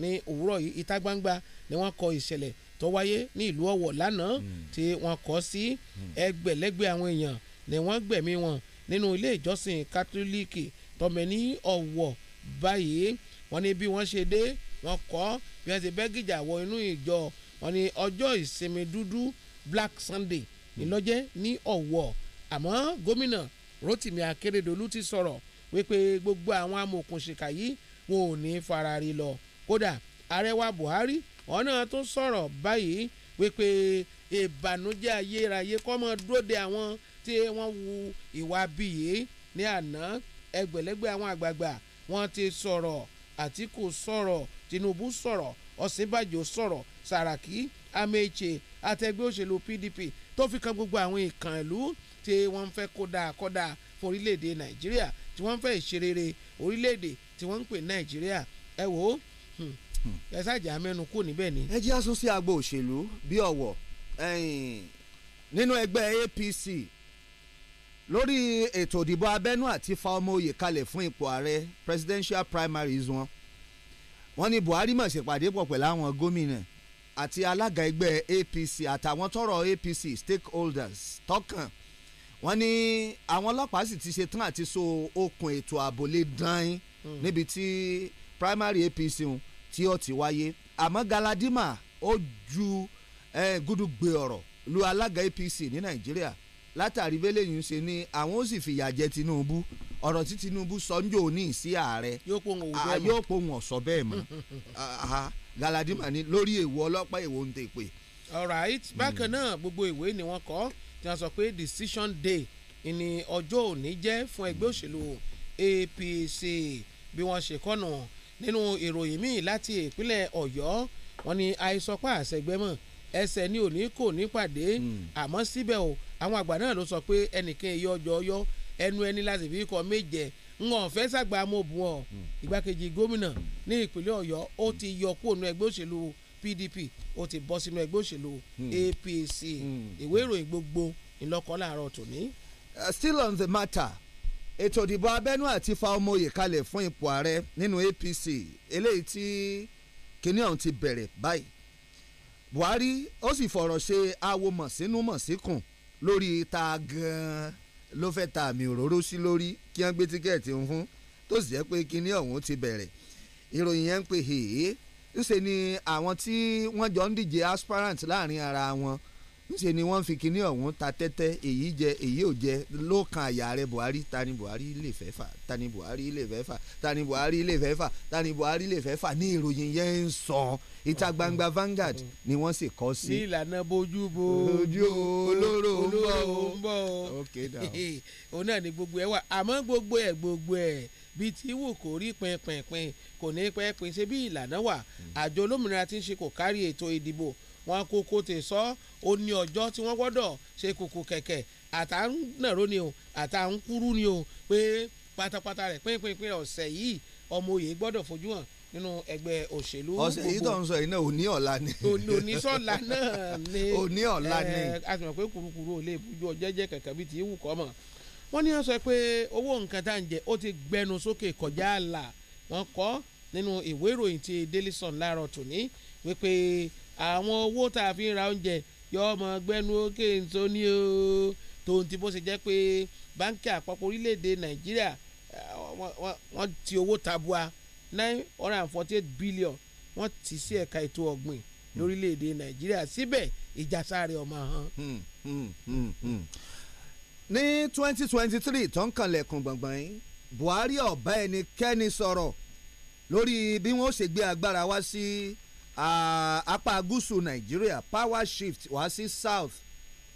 ní òwúrọ̀ yìí ìta gbangba ni wọ́n kọ ìṣẹ̀lẹ̀ tó wáyé ní ìlú ọ̀wọ̀ lánàá hmm. tí wọ́n kọ́ sí hmm. ẹgbẹ̀lẹ́gbẹ̀ àwọn èèyàn ni wọ́n gbẹ̀mí wọn nínú ilé ìjọsìn kátólíìkì tọmẹ ní ọ̀wọ̀ báyìí wọ́n ní bí wọ́n ṣe dé wọ́n kọ́ bí wọ́n ṣe bẹ́gìjà wọ inú ìjọ wọ́n ní ọjọ́ ìsinmi dúdú Black Sunday ìlọ́jẹ́ ní ọ̀wọ̀ àmọ́ gómìnà Rotimi Akeredolu ti sọ̀rọ̀ wípé gbogbo àwọn amòòkùnṣìkà yìí wọn ò ní farari lọ kódà ààrẹ wa Buhari ọ̀nà tó sọ̀rọ̀ báyìí wípé ìbànújẹ́ ayérayé kó má dúró de àwọn tí wọ́n wu ìwà abiyì ní àná ẹgbẹ̀lẹ́gbẹ̀ àwọn àgbààgbà wọ́n ti sọ̀rọ̀ Àtíkù sọ̀rọ̀ Tinubu sọ̀rọ̀ Ọ̀sínbàjò sọ̀rọ̀ Sàràkí Ameche àtẹgbẹ́ òṣèlú PDP tó fi kan gbogbo àwọn ìkàn ìlú tí wọ́n ń fẹ́ kódà kódà fún orílẹ̀-èdè Nàìjíríà tí wọ́n ń fẹ́ ìṣerere orílẹ̀-èdè tí wọ́n ń pè Nàìjíríà ẹ wò ó ẹ ṣáàjà mẹ́nu kò níbẹ̀ ni. ẹ jẹ́ àsún sí agbo òṣèlú bí ọ̀wọ̀ nínú ẹgbẹ́ APC lórí ètò ìdìbò abẹ́nú àti fa ọmọ oyè kalẹ̀ fún ipò ààrẹ presidential primaries wọn wọ́n ní Buhari mọ̀ ṣèpàdé pọ̀ pẹ̀lú àwọn gómìnà àti alága ẹgbẹ́ APC àtàwọn tọrọ APC stakeholders tọkàn wọ́n ní àwọn ọlọ́pàá sì ti ṣe tán àti so okùn ètò ààbò lè dán in hmm. níbi tí primary APC ń tí ó ti wáyé àmọ́ Galadima ó ju gúdúgbe ọ̀rọ̀ lu alága APC ní Nàìjíríà látàrí bẹ́lẹ́yìn ṣe ni àwọn ó sì fìyà jẹ Tinubu ọ̀rọ̀ tí Tinubu sọ ń jò ní sí ààrẹ yóò pohùn ọ̀sọ́ bẹ́ẹ̀ mọ́ Galadima ni lórí èwo ọlọ́pàá èwo ń tè alright bákan náà gbogbo ìwé ni wọ́n kọ tí wọ́n sọ pé decision day ni ọjọ́ òní jẹ́ fún ẹgbẹ́ òṣèlú APC bí wọ́n ṣe kọ́nù nínú ìròyìn míì láti ìpínlẹ̀ ọ̀yọ́ wọn ni àìsọpá àṣẹgbẹ́mọ̀ ẹsẹ̀ ni òní kò ní pàdé hmm. àmọ́ síbẹ̀ o àwọn àgbà náà ló sọ pé ẹnìkan èyí ọjọ́ ọyọ́ ẹnu ẹni láti fi kọ́ méje ńwọ̀n fẹ́ sàgbà amóbu ọ ìgbákejì hmm. gómìnà ní ìpínlẹ̀ ọ̀yọ́ ó ti yọ kóònù ẹgbẹ́ òṣèlú PDP ó ti bọ́ sínú ẹgbẹ́ òṣèlú hmm. APC ìwé ìròyìn gbogbo ńlọkọ láàárọ̀ tòní. Uh, still on the matter ètò ìdìbò abẹ́nú àti fa ọmọ òye kalẹ̀ fún ipò ààrẹ nínú APC eléyìí tí kinní ọ̀hún ti bẹ̀rẹ̀ báyìí Buhari ó sì fọ̀rọ̀ ṣe awo mọ̀sínú mọ̀síkùn lórí ta gan-an ló fẹ́ ta àmì òróró sí lórí kí wọ́n gbé tíkẹ́ẹ̀tì ń fún tó sì jẹ́ pé kinní ọ̀hún ti bẹ̀rẹ̀ ìròyìn yẹn ń pè é ńṣe ni àwọn tí wọ́n jọ ń díje aspirant láàrin ara wọn ńṣe ni wọ́n fi kinní ọ̀hún ta tẹ́tẹ́ èyí jẹ èyí ò jẹ ló àyà rẹ Buhari tani Buhari lè fẹ́ fà tani Buhari lè fẹ́ fà tani Buhari lè fẹ́ fà tani Buhari lè fẹ́ fà ní ìròyìn yẹn ń sọ ìta gbangba Vanguard ni wọ́n sì kọ́ sí. ní ìlànà bojú bo ojú olóró ń bọ̀ ó ń bọ̀ ó òun náà ni gbogbo ẹ wà àmọ́ gbogbo ẹ gbogbo ẹ bíi tí wù kó rí pinpinpin kò ní pẹ́ pin ṣe bí ìlànà wà hmm. àjọ olómìnira ti ń ṣe kò kárí ètò ìdìbò wọn kókó tè sọ ó ní ọjọ́ tí wọ́n gbọ́dọ̀ ṣe kòkò kẹ̀kẹ́ àtàǹnàró ni o àtàǹkúrú ni o pé pátápátá rẹ̀ pínpínpín ọ̀sẹ̀ yìí ọmọ òye gbọ́dọ̀ fojú hàn nínú ẹgbẹ́ òṣèlú gbogbo ọ̀sẹ̀ yìí tó ń sọ yìí náà òní ọ̀la ni. òní sọ̀la náà ni òní ọ̀la ni. a ti mọ̀ pé kurukuru ò lè bujú ọjọ́ jẹ́ kẹ̀kẹ́ bíi ti ìwù kọ́ mọ̀. wọ́n ní sọ pé owó nǹkan tá à ń jẹ ó ti gbẹnu sókè kọjá àlà wọ́n kọ́ nínú ìwé ìròyìn ti Daily Sun láàárọ̀ tòní wípé àwọn owó tá a fi ń ra oúnjẹ yóò mọ gbẹ́nu ókè tó ní o tòun ti bó ṣe jẹ́ pé báńkì àpapọ̀ orílẹ̀-èdè nàìjíríà wọ́n ti owó tabua nine hundred and forty eight billion wọ́n ti sí ẹ̀ka ètò ọ̀gbìn lórílẹ̀-èdè nàìjíríà síbẹ̀ ìjà sáré ọmọ hàn. Hmm, hmm, hmm, ní twenty twenty three tó ń kanlẹ̀kùn gbọ̀ngbọ̀n yìí buhari ọ̀bá ẹnikẹ́ni sọ̀rọ̀ lórí bí wọ́n ṣe gbé agbára wá sí. Si Ah, apá gúúsù nàìjíríà power shift wá sí south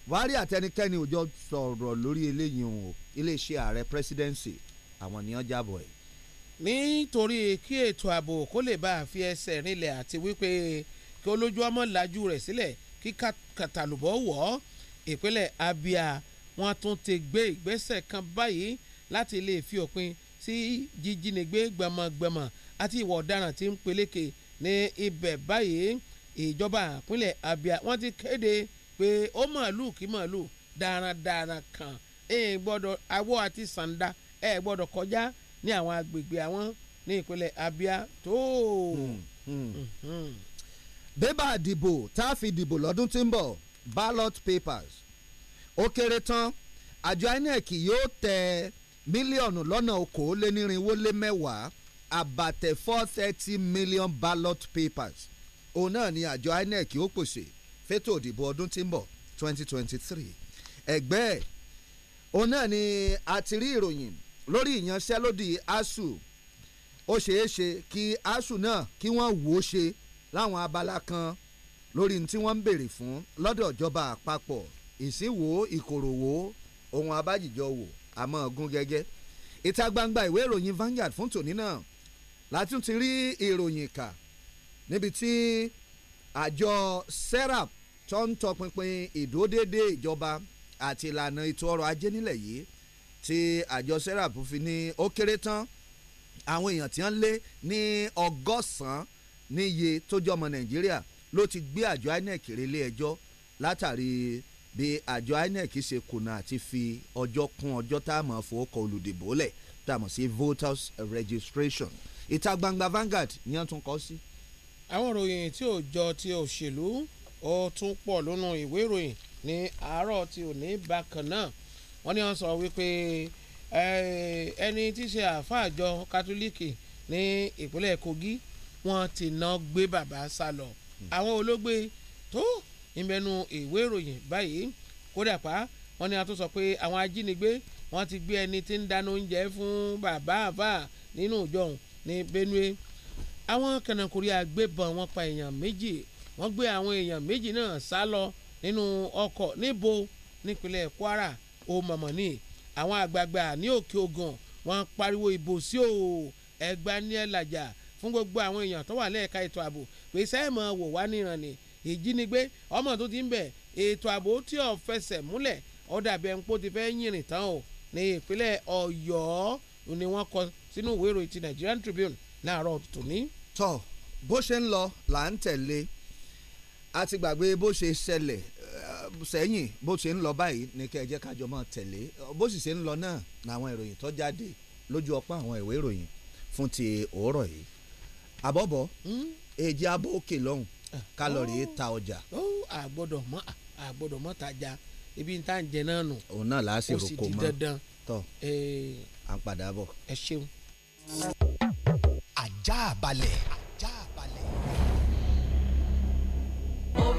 Buhari àtẹnikẹ́ni òjò sọ̀rọ̀ lórí eléyìí o iléeṣẹ́ ààrẹ presidency àwọn ènìyàn jábọ̀ ẹ̀. nítorí kí ètò ààbò kó lè bá a fi ẹsẹ̀ rinlẹ̀ àti wípé kí olójú ọmọ lajú rẹ̀ sílẹ̀ kí kàtàlùbọ̀ wọ̀ ọ́ ìpínlẹ̀ Abia wọ́n tún ti gbé ìgbésẹ̀ kan báyìí láti lè fi òpin sí jíjínigbé gbọmọgbọmọ àti ìwà ọ̀daràn tí ń peléke ní ibẹ̀ báyìí ìjọba àpínlẹ̀ Abia wọ́n ti kéde pé ó màálù kí màálù darandaran kan ẹ̀ gbọ́dọ̀ awọ àti sàǹdà ẹ̀ gbọ́dọ̀ kọjá ní àwọn agbègbè àwọn ní ìpínlẹ̀ Abia tó. Hmm, hmm. Mhm. bébà àdìbò tá a fi dìbò lọ́dún tí ń bọ̀ ballot papers ó kéré tán àjọ INEC yóò tẹ mílíọ̀nù lọ́nà okòólénírínwó lé mẹ́wàá àbàtẹ̀ four thirty million ballot papers òun náà ni àjọ INEC ó pèsè fétò òdìbò ọdún tí ń bọ̀ twenty twenty three ẹ̀gbẹ́ òun náà ni a ti rí ìròyìn lórí ìyanṣẹ́lódì ASUU ó ṣeé ṣe kí ASUU náà kí wọ́n wò ó ṣe láwọn abala kan lórí tí wọ́n ń béèrè fún lọ́dọ̀ ìjọba àpapọ̀ ìsínwó ìkòròwò ohun abájìjọ wò àmọ́ ọ̀gùn gẹ́gẹ́ ìta gbangba ìwé ìròyìn Vanguard fún tòní náà láti tún ti rí ìròyìn kà níbi tí àjọ serap tó ń tọpinpin ìdódédé ìjọba àti ìlànà ètò ọrọ̀ ajé nílẹ̀ yìí tí àjọ serap fi ní ó kéré tán àwọn èèyàn tí wọ́n lé ní ọgọ́sàn-án níye tó jẹ́ ọmọ nàìjíríà ló ti gbé àjọ inec relé ẹjọ́ látàrí bí àjọ inec ṣe kùnà àti fi ọjọ́ kún ọjọ́ tá a mọ̀ fowó kọ olùdìbò lẹ̀ tá a mọ̀ sí voters registration ìta gbangba Vanguard ni wọ́n tún kọ sí. àwọn ìròyìn tí ò jọ ti òṣèlú ó tún pọ̀ lónú ìwé ìròyìn ní àárọ̀ tí ò ní bákan náà wọ́n ní wọ́n sọ wípé ẹni tí ṣe àáfàá àjọ kátólíìkì ní ìpínlẹ̀ Kogi wọ́n ti ná gbé bàbá sá lọ hmm. àwọn olóògbé tó ìmẹ́nu ìwé ìròyìn báyìí kódà pa wọ́n ní a tún sọ pé àwọn ajínigbé wọ́n ti gbé ẹni tí ń dáná oúnjẹ fún bàbá àfà nínú ìjọ òun ní Benue àwọn kànáńkórí agbébọn wọ́n pa èèyàn méjì wọ́n gbé àwọn èèyàn méjì náà sá lọ nínú ọkọ̀ níbo nípínlẹ̀ Kwara o mọ̀mọ́ ní àwọn àgbààgbà ní Òkè Ògùn wọ́n pariwo ìbò sí o ẹgbà ní ẹlàjà fún gbogbo àwọn èèyàn tó wà lẹ́ẹ̀ka ètò ààbò pé sẹ́ẹ̀mọ̀ wò wá níran ni ìjínigbé ọmọ tó ti ń bẹ̀ ètò ààbò tí ò fẹsẹ̀ múlẹ̀ ọ̀dà bẹ́ẹ̀ ti fẹ́ yìnrìn tán o ní ìpínlẹ̀ Ọ̀yọ́ ni wọ́n kọ sínú ìwé ìròyìn ti Nigerian Tribune láàárọ̀ tòní. tọ bó ṣe ń lọ là ń tẹ̀lé a ti gbàgbé bó ṣe ṣẹlẹ̀ eh, sẹ́yìn bó ṣe ń lọ báyìí ni kẹ́ ẹ jẹ́ kájọ máa tẹ̀lé bó sì ṣe ń lọ náà làwọn ìròyìn tó jáde lójú ọpọ́n àwọn ìwé ìròyìn fún ti òórọ̀ yìí àbọ̀bọ̀ hmm? èjì abó òkè lọ́hùn ah, kálọ̀rì oh. ta ọjà. àgbọ̀dọ̀ mọ́ àgbọ̀dọ̀ mọ́ tajà ibi tá à ń jẹ náà nù. òun náà làá sì rò kó mọ́ tọ́ eh, à ń padà bọ̀. ẹ ṣeun ajá balẹ̀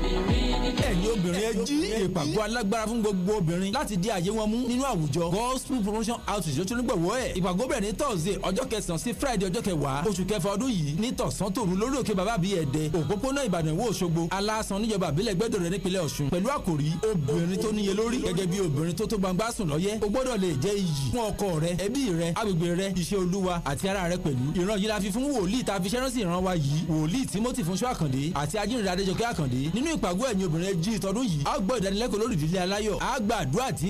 ẹ̀yin obìnrin ẹ jí ìpàgọ́ alágbára fún gbogbo obìnrin láti di àyè wọn mú nínú àwùjọ gospel promotion outreach lótú nígbàwọ́ ẹ̀ ìpàgọ́ bẹ̀rẹ̀ ní thursday ọjọ́ kẹsàn-án sí friday ọjọ́ kẹwàá oṣù kẹfà ọdún yìí ní tọ̀sán tòru lórí òkè bàbá bíi ẹ̀dẹ òpópónà ìbàdàn ìwó òṣogbo alásan níjọba àbílẹ̀ gbẹ́dọ̀ rẹ̀ nípínlẹ̀ ọ̀ṣun pẹ̀lú àkòrí obìnrin tó níye lórí gẹ́gẹ́ bí obìnrin tó tó gbangba sùn lọ́yẹ́ o gbọ́dọ̀ lè jẹ́ iyì fún ọkọ rẹ ẹbí rẹ agbègbè rẹ iṣẹ́ olúwa àti ara rẹ pẹ̀lú ìran yìí la fi fún wòlíì tá a fi ṣẹ́ránṣẹ́ ìran wa yìí wòlíì timothy fúnṣọ́ àkàndé àti ajínrere adéjọkẹ́ àkàndé nínú ìpàgọ́ ẹ̀yìn obìnrin ẹjí ìtọ́dún yìí a gbọ́ ìdánilẹ́kọ̀ọ́ lórí ìdílé aláyọ̀ a gba àdúrà àti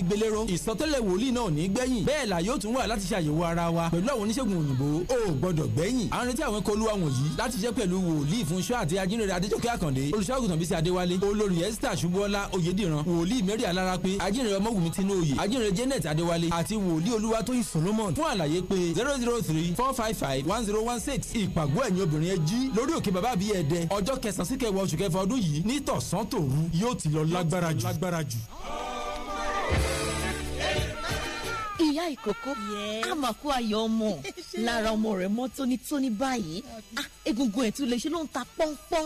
ìsọtẹ́lẹ̀ wòlíì náà ní gbẹ̀yìn bẹ́ẹ̀ la yóò tún wà láti ṣàyẹ̀wò ara wa pẹ̀lú àwọn oníṣègùn òyìnbó ò gbọ́dọ̀ gbẹ̀yìn à ń retí àwọn ikọ̀ olúwa wọ̀nyí láti ṣe pẹ̀lú wòlíì Fúnṣọ́ àti ajínrere Adéjọkẹ́ Àkàndé Solomon pé zero six jí lórí òkè tọ̀sán tòru yóò ti lọ lágbára jù. lágbára jù. ìyá ìkókó àmàkù ayọ̀ ọmọ lára ọmọ rẹ̀ mọ́ tónítóní báyìí ah, egungun ẹ̀ tún lè ṣe ló ń ta pọ́npọ́n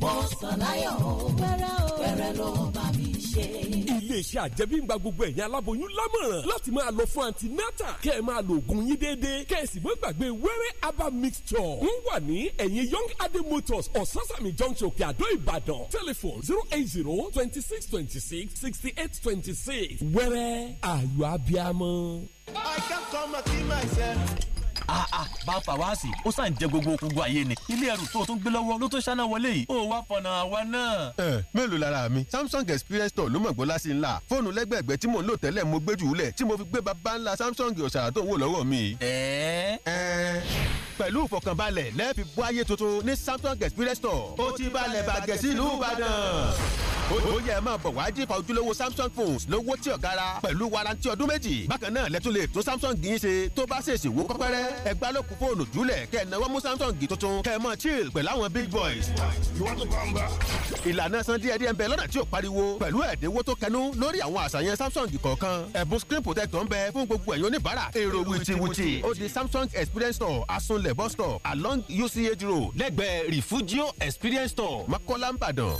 Mọ́sàláyọ̀ o pẹ̀rẹ̀ o Iléeṣẹ́ àjẹmíngba gbogbo ẹ̀yin aláboyún lámọ̀ràn láti máa lọ fún antinata kẹ́ ẹ̀ máa lo oògùn yín déédéé kẹ́ ẹ̀ sì mọ́ gbàgbé wẹ́rẹ́ aba mixture. Wọ́n wà ní ẹ̀yìn Young Adé Motors Ososami Junction Kíadó Ìbàdàn tẹlifon zero eight zero twenty six twenty six sixty eight twenty six wẹ́rẹ́ ayọ̀ abiamọ. I can come and see myself àà ah, ah, bá fàwáàsì ó sàn jẹ gbogbo okùngun ayé ni ilé ẹrù tó o tún gbé lọ́wọ́ ló tún ṣáná wọlé yìí ó wá fọ̀nà àwa náà. ẹ mélòó lára mi samsung experience store ló mọ̀ gbọ́lá sí ńlá fóònù lẹ́gbẹ̀ẹ́gbẹ́ tí mò ń lò tẹ́lẹ̀ mo gbé jù ú lẹ̀ tí mo fi gbé bàbá ńlá samsung ọ̀sàrà tó ń wò lọ́wọ́ mi. ẹ ẹ pẹ̀lú ìfọ̀kànbalẹ̀ lẹ́ẹ̀fi bọ́ ayé tuntun ní samsung experience store ó ti balẹ̀ bàgẹ́ sílùú ìbàdàn ó yẹ ẹ máa bọ̀ wá jífa ojúlówó samsung phones lówó tí ọ̀gára pẹ̀lú warranty ọdún méjì bákan náà lẹ́tún lè tún samsung yín ṣe tó bá ṣèṣì wó pẹ́pẹ́rẹ́ ẹ gbá lókun fóònù jùlẹ̀ kẹ́ ẹ náwó mú samsung yìí tuntun kẹ́ ẹ máa chill pẹ̀lú àwọn big boys. ìlànà san díẹ̀ díẹ̀ ń bẹ lọ́nà tí ò pariwo pẹ̀lú ẹ̀dínwó tó kẹnu lórí àwọn àṣàyàn samsung kọ̀ọ̀kan ẹ̀bùn screen protector ń bẹ fún gbogbo ẹ̀yin oníbàárà èrò wìtìwìtì ó di samsung experience store asunlẹ̀ bus stop along uch road lẹ́gbẹ̀ẹ́ refugio experience store mọ́kọ́lá ń bàdàn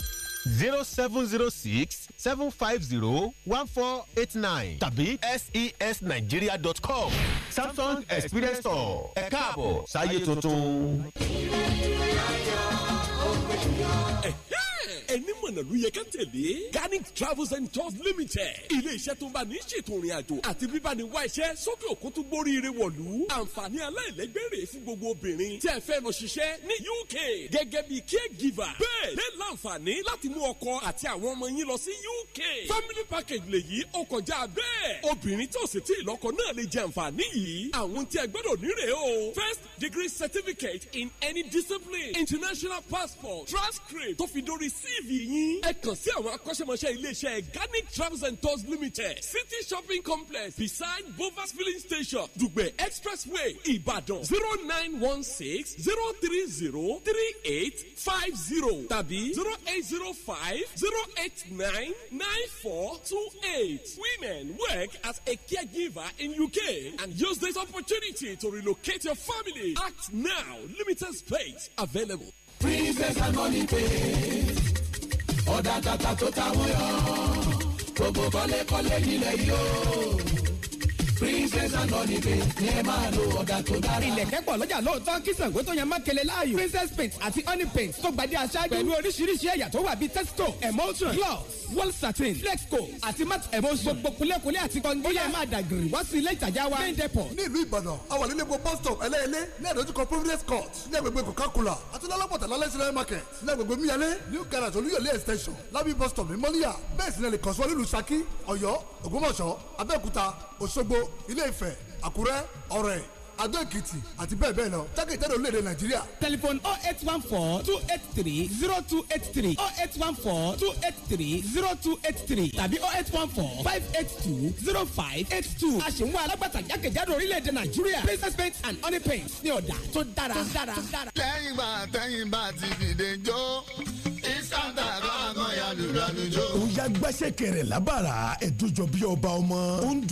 zero seven zero six seven five zero one four eight nine tàbí sesnigeria dot com samsung experience store ẹ káàbọ̀ sáyé tuntun bẹ́ẹ̀ ẹni mọ̀nà ló yẹ ká tẹ̀lé Garnic Travels and Tours Limited ilé iṣẹ́ tó ń bá ní ṣètò ìrìn àjò àti bíbá ni wá iṣẹ́ sókè òkun tó gbóríire wọ̀lú àǹfààní aláìlẹ́gbẹ̀rẹ̀ fún gbogbo obìnrin tí ẹ fẹ́ lọ ṣiṣẹ́ ní UK gẹ́gẹ́ bí giver. bẹ́ẹ̀ lè láǹfààní láti mú ọkọ àti àwọn ọmọ yín lọ sí UK family package lè yí ó kọjá bẹ́ẹ̀ obìnrin tó sì tí ì lọ́kọ náà lè jẹ àǹfààní first degree certificate in any discipline international passport transcript tó fi receive yín. ẹ kàn sí àwọn akọ́ṣẹ́mọṣẹ́ iléeṣẹ́ Garnic Travels and Tours Limited City Shopping Complex beside Bovas filling station Dùgbẹ̀ Expressway Ìbàdàn zero nine one six zero three zero three eight five zero tàbí zero eight zero five zero eight nine nine four two eight. Women work as a caregiver in UK and use this opportunity to relocate your family. Act now. Limited space available princess and money pay ọ̀dà tata tó táwọn yọ gbogbo kọ́lékọ́lé nílẹ̀ yìí o princess and holiday ní ẹ máa lo ọ̀dà tó dára. ilẹ̀kẹ̀ pọ̀ lọ́jà lóòótọ́ kí Ṣàngó tó yan mákele láàyò princess paint àti honey paint tó gbadé aṣáájú pẹ̀lú oríṣiríṣi ẹ̀yà tó wà bíi testo emulsion gloss wall satin flexco àti matte emulsion gbogbo kulekule àti kọ́ngíyà. ó yẹ máa dà gírí wá sí ilé ìtajà wa main depot. ní ìlú Ìbàdàn àwọn ilé epo bus stop ẹlẹ́ẹ̀lẹ́ ní àdójúkọ providence court ní agbègbè Coca-Cola àti lálọ́pọ̀tà lálẹ́sílẹ̀ market ní agbègbè Miyalé new garage Olúyọ̀lé extension lábí bus stop ní mọ́níyà bẹ́ẹ̀ sì ni lè kàn sí wọn nílùú Ṣakí Ọ̀yọ́ Ògbómọ̀ṣọ́ Abẹ́òkúta Òṣogbo ilé ifẹ̀ àkúrẹ́ ọ̀rẹ́ adó èkìtì àti bẹ́ẹ̀ bẹ́ẹ̀ lọ jákèjádò orílẹ̀-èdè nàìjíríà. tẹlifon oh eight one four two eight three zero oh two eight three oh eight one four two eight three zero two eight three tàbí oh eight one four five eight two zero five eight two. a ṣe ń wá alágbàtà jákèjádò orílẹ̀-èdè nàìjíríà princess paint and honey paint ní ọ̀dà tó dára. lẹ́yìn ìgbà tẹ́yìn bá ti fìdè jó ìsàntàrà gbanugbanujó. ó yá gbàṣẹ kẹrẹ lábàrà ẹdójọ bí ọba ọmọ ó ń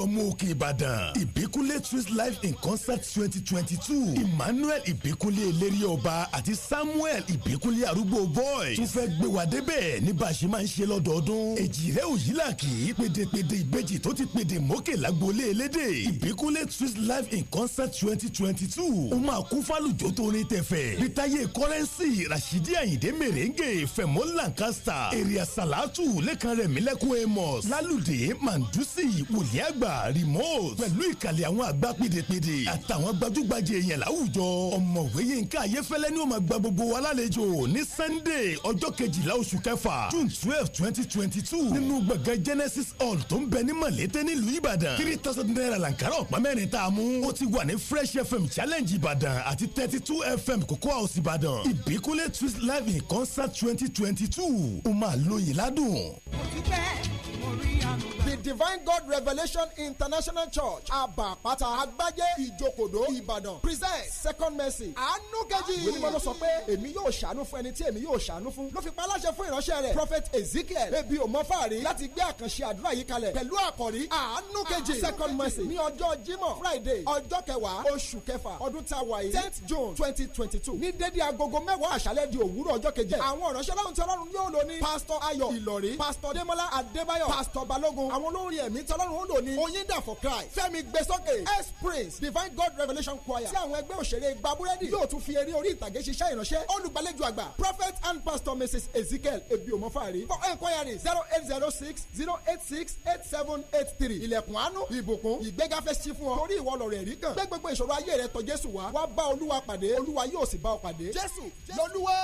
ọmọ òkè ìbàdàn ìbíkúnlé twist life in concert twenty twenty two emmanuel ìbíkúnlé eléré ọba àti samuel ìbíkúnlé arúgbó boy tún fẹ́ gbé wa débẹ̀ ní bá a ṣe máa ń ṣe lọ́dọọdún èjìrẹ́ òyìnlá kì í pédépédé ìbejì tó ti pédé mókè lágboolé elédè ìbíkúnlé twist life in concert twenty twenty two ó máa kún fálùjọ tó ní tẹ̀fẹ̀ bítáyé kọ́rẹ́nsì rashidi ayinde mèrèǹgè fẹ̀mọ́ lancaster èrè àsàlátù lẹ́kan rẹ̀ mílẹ́kùn amos lálùdé mandusi wòlíàgbà remote pẹ̀lú ìkàlẹ̀ àwọn àgbà pèdèpèdè àtàwọn gbajúgbajà èèyàn láwùjọ ọ̀mọ̀wé yínká ayéfẹ́lẹ́ ni ó máa gba gbogbo wa lálejò ní sunday ọjọ́ kejìlá oṣù kẹfà june twelve twenty twenty two nínú gbọ̀ngàn genesis hall tó ń bẹ ní mọ̀lété nílùú ìbàdàn three thousand naira làǹkárá ọ̀pá mẹ́rin tá a mú ó ti wà ní fresh fm challenge ìbàdàn àti thirty two fm kókó house ìbàdàn ìbíkúlẹ̀ twist live in concert twenty twenty two máa lóyìn ládùn. The Divine God Revelation International Church Abapata Agbaje Ijokodo Ibadan present second mercy àánú kejì. Wíwọ́n ló sọ pé èmi yóò ṣàánú fún ẹni tí èmi yóò ṣàánú fún. Ló fi paláṣẹ fún ìránṣẹ́ rẹ̀ Prophet Ezekiel Ebi Omofari láti gbé àkànṣe àdúrà yìí kalẹ̀ pẹ̀lú àkọ́rí àánú kejì ah, second mercy ní ọjọ́ Jímọ̀ Friday ọjọ́ kẹwàá oṣù kẹfà ọdún tá a wà yìí tenth June twenty ní dédé agogo mẹ́wàá àṣálẹ́ di òwúrọ̀ ọjọ́ kejì. Àwọn ìránṣẹ́ láwùjọ Ọlọ́run yóò lò ní pásítọ̀ ayọ̀ ìlọ̀rí pásítọ̀ démọ́lá adébáyọ̀ pásítọ̀ balógun àwọn olórí ẹ̀mí tọ́lọ́run ó lò ní oyinda for christ fẹ́mi gbèsókè s prince divine god revelation choir tí àwọn ẹgbẹ́ òṣèré gbàbúrẹ́dì yóò tún fi eré orí ìtàgé ṣiṣẹ́ ìránṣẹ́ olùgbàlejò àgbà prophet and pastor mrs ezekiel ebiomofari for enquiry zero eight zero six zero eight six eight seven eight three ilẹ̀kùn àánú ìbùkún ìgbéga fẹ́ sí fún ọ torí ìwọ lọ̀rọ̀ ẹ̀rí kan gbé gbogbo ìṣòro ayé rẹ tọ̀ jésù wá wá bá olúwa pàdé olúwa yóò sì bá ọ pàdé jésù lọ́lúwa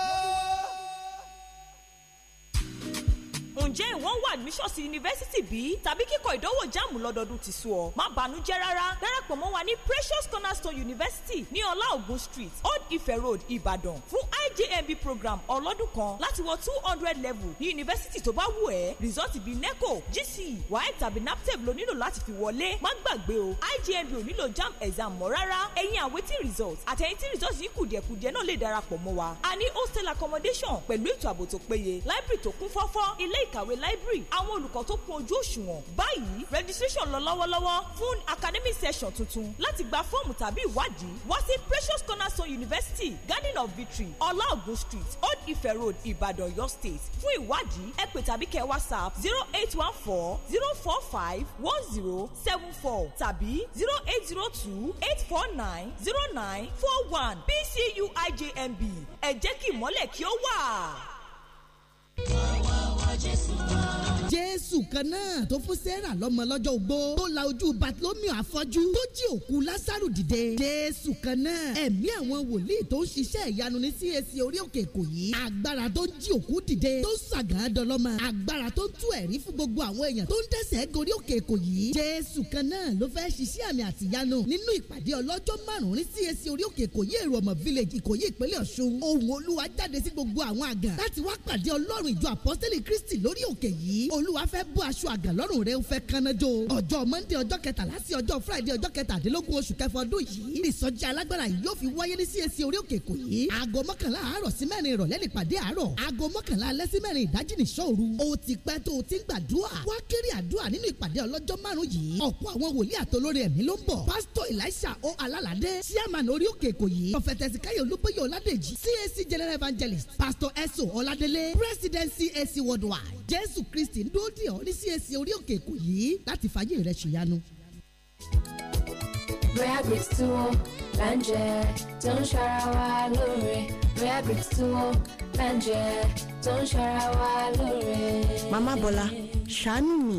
ǹjẹ́ ìwọ ń wá admission sí yunifásítì bí? tàbí kíkọ ìdánwò jáàmù lọ́dọọdún ti sú ọ? má bànújẹ́ rárá darapọ̀ mọ́ wa ní Precious Cornerstone University ní ọlá ògùn street Old Ife Road Ìbàdàn fún IJMB program ọlọ́dún kan láti wọ two hundred level ní yunifásítì tó bá wù ẹ́ rìsọ́ọ̀tì bíi NECO GC. WAEC tàbí NAPTEP ló nílò láti fi wọlé má gbàgbé o IJMB ò nílò JAMB exam mọ́ rárá ẹ̀yin àwetí result àtẹ̀yìn tí result yìí kùdìẹ̀kudiẹ náà lè darapọ̀ mọ́ wa a ní hostel accommodation pẹ̀lú ètò ààbò tó péye library tó kún fọ́fọ́ ilé ìkàwé library àwọn olùkọ́ tó kún ojú òṣùwọ̀n báyìí registration lọ lọ́wọ́lọ́wọ́ fún academic session tuntun láti gba fọ́ọ̀mù tàbí ìwádìí wá sí precious cornerstone university garden of victory ọláògùn street old ife road ìbàdàn ọ̀yọ́ state fún ìwádìí ẹ pè tàbí kẹ whatsapp zero eight one four zero four five one zero seven four tàbí zero eight zero two eight four nine zero nine four one pcuijmb ẹ jẹ́ kí ìmọ́lẹ̀ kí ó wà jésù wá. jésù kan náà tó fún sarah lọ́mọ lọ́jọ́ ogbó tó la ojú bartolomeo afọ́jú tó jí òkú lásàrò dìde jésù kan náà ẹ̀mí àwọn wòlíì tó ń ṣiṣẹ́ ìyanu ní CAC orí òkè èkó yìí agbára tó ń jí òkú dìde tó ń sàgán dọlọ́mọ agbára tó ń tú ẹ̀rí fún gbogbo àwọn èèyàn tó ń tẹ̀sẹ̀ gorí òkè èkó yìí jésù kan náà ló fẹ́ ṣiṣẹ́ àmì àtìyanu nínú ìpàdé ọlọ́jọ́ márùn-ún ní CAC village ìkòyí ìpínlẹ̀ ọ̀ṣun ohùn olúwa jáde sí gbogbo àwọn àgàn láti wá pàdé ọlọ́run ìjọ kristi lórí òkè yìí olúwa fẹ́ bú aṣọ àgàlọ́rùn rẹ̀ ó fẹ́ kánájó ọjọ́ mọ́ndé ọjọ́ kẹtàlá sí ọjọ́ friday ọjọ́ kẹtàdínlógún oṣù kẹfọ ọdún yìí ìsọjí alágbára yìí yóò fi wáyé ní csc orí òkè èkó yìí aago mọ́kànlá àárọ̀ sí mẹ́rin ìrọ̀lẹ́ nípàdé àárọ̀ aago mọ́kànlá alẹ́ sí mẹ́rin ìdájí nìṣọ́ọ̀rù o ti pẹ́ tó o ti ń gbàdúrà wá kéré àdúrà nínú ìpàdé ọlọ́jọ́ márùn yìí ọ̀pọ̀ àwọn wòlíì àtolórí ẹ̀mí ló ń bọ̀ pásítọ̀ elisha o alálàdé chairman orí òkè èkó yìí prọfẹtẹsì káyọ̀ olúbóyè ọládèjì csc general evangelist pásítọ̀ ẹ̀sọ́ ọládélé president csc worldwide wà jésù kristi ń dúró dìọ́ ní CAC orí òkè èkó yìí láti fàyè rẹ̀ ṣèyanu. bóyá bricks tí wọ́n là ń jẹ tó ń ṣara wa lóore bóyá bricks tí wọ́n là ń jẹ tó ń ṣara wa lóore. màmá bọ́lá ṣàánú mi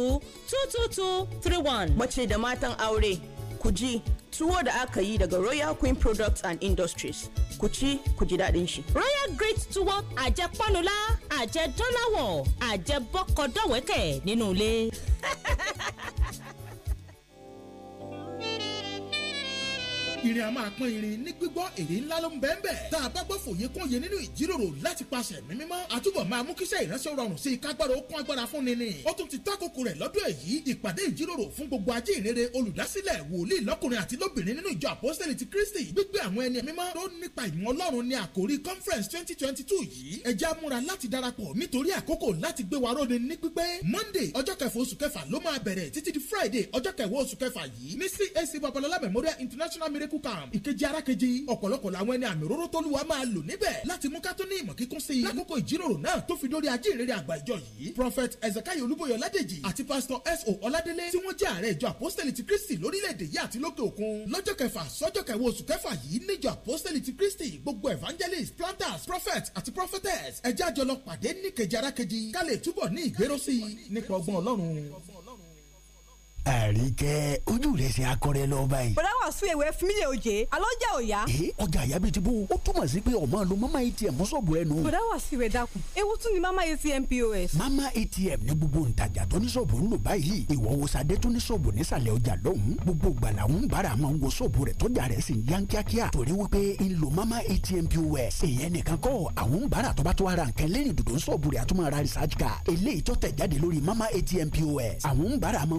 two two two three one. Mace da matan aure ku ji tuwo da aka yi daga Royal Queen Products and Industries. Ku ci ku ji daɗin shi. Royal Great Tuwo àjẹ pánulá àjẹ dánláwọ̀ àjẹ bọ́kọ̀ dọ̀wẹ́kẹ̀ nínú ilé. irin a máa pín irin ní gbígbọ́ èrè ńlá ló ń bẹ́ẹ̀ bẹ́ẹ̀ tá a bá gbọ́ fòye kún yé nínú ìjíròrò láti paṣẹ ẹ̀mí mímọ́ àtúbọ̀ máa mú kíṣẹ́ ìránṣẹ́ rọrùn sí i kágbára ó kún agbára fún ni ni ó tún ti tákòkò rẹ̀ lọ́dún èyí ìpàdé ìjíròrò fún gbogbo ajínrere olùdásílẹ̀ wòlíì lọ́kùnrin àti lóbìnrin nínú ìjọ àpọ́sítẹ́lì ti kristi gbígbé miracle camp ìkejì arákejì ọ̀pọ̀lọpọ̀ làwọn ẹni àmì òróró tóluwa máa lò níbẹ̀ láti mú ká tó ní ìmọ̀ kíkún sí i lákòókò ìjíròrò náà tó fi dórí ajínrere àgbà ìjọ yìí prophet ezekiel olúbọyọ ládèjì àti pastor s.o. ọládélé tí wọ́n jẹ́ ààrẹ ìjọ àpọ́sítẹ́lì ti kristi lórílẹ̀‐èdè yìí àti lókè òkun lọ́jọ́ kẹfà sọ́jọ́ kẹwọ́ oṣù kẹfà yìí níjọ àpọ́sítẹ́lì ti kristi gbogbo evangelist planters prophet àti prophetess ẹjẹ́ àjọlọ pàdé níkejì arákejì ká lè túbọ̀ ní ìgbéró sí i nípa ọgbọ́n ọlọ́run àríkẹ́ ojú rẹ̀ ṣe akọrẹ lọ báyìí. bọ̀dá wà sún ewé fún mi oje alọ́jà òya. ee ọjà àyà bíi ti bó o túmọ̀ sí pé ọmọ lo mama atm mọ́sọ̀bù rẹ nù. bọ̀dá wà sí ìwé dákun ewu tún ni mama atm pos. mama atm ní gbogbo ntajà tó ní sọ̀bù ń lò báyìí ìwọ wo sadé tó ní sọ̀bù nísàlẹ̀ ọjà lọ́hùn gbogbo gbala ń bára máa ń wo sọ̀bù rẹ̀ tọ́jà rẹ̀ sì ń kíákíá torí mama atm pos èèyàn nìkan kọ́ àwọn ń bára tó bá tó ara nǹkan lẹ́yìn dòdò sọ̀bù rẹ̀ àtúmọ̀ ara research card eléyìí tó mama atm pos àwọn ń bára máa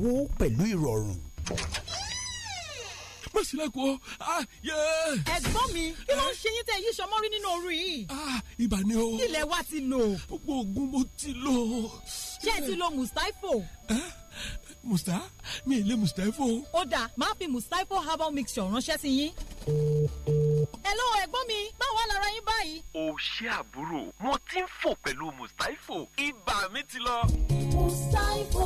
owó pẹ̀lú ìrọ̀rùn má sí lẹ́kọ̀ọ́ ah, ẹ̀gbọ́n mi kí ló ń ṣe yín tẹ́ yí sọmọ́ rí nínú òru yìí. Ah, ibà ni o. ilẹ̀ wa ti lò. gbogbo oògùn mo ti lò. ṣé ẹ ti lo mustapho. musta mi ì lé mustapho. ó dáa máa fi mustapho herbal mixture ránṣẹ́ sí yín. Hello ẹ̀gbọ́n mi, báwo lára yín báyìí? O ṣé àbúrò, wọ́n ti ń fò pẹ̀lú Mustapho, ibà mi ti lọ. Mustapho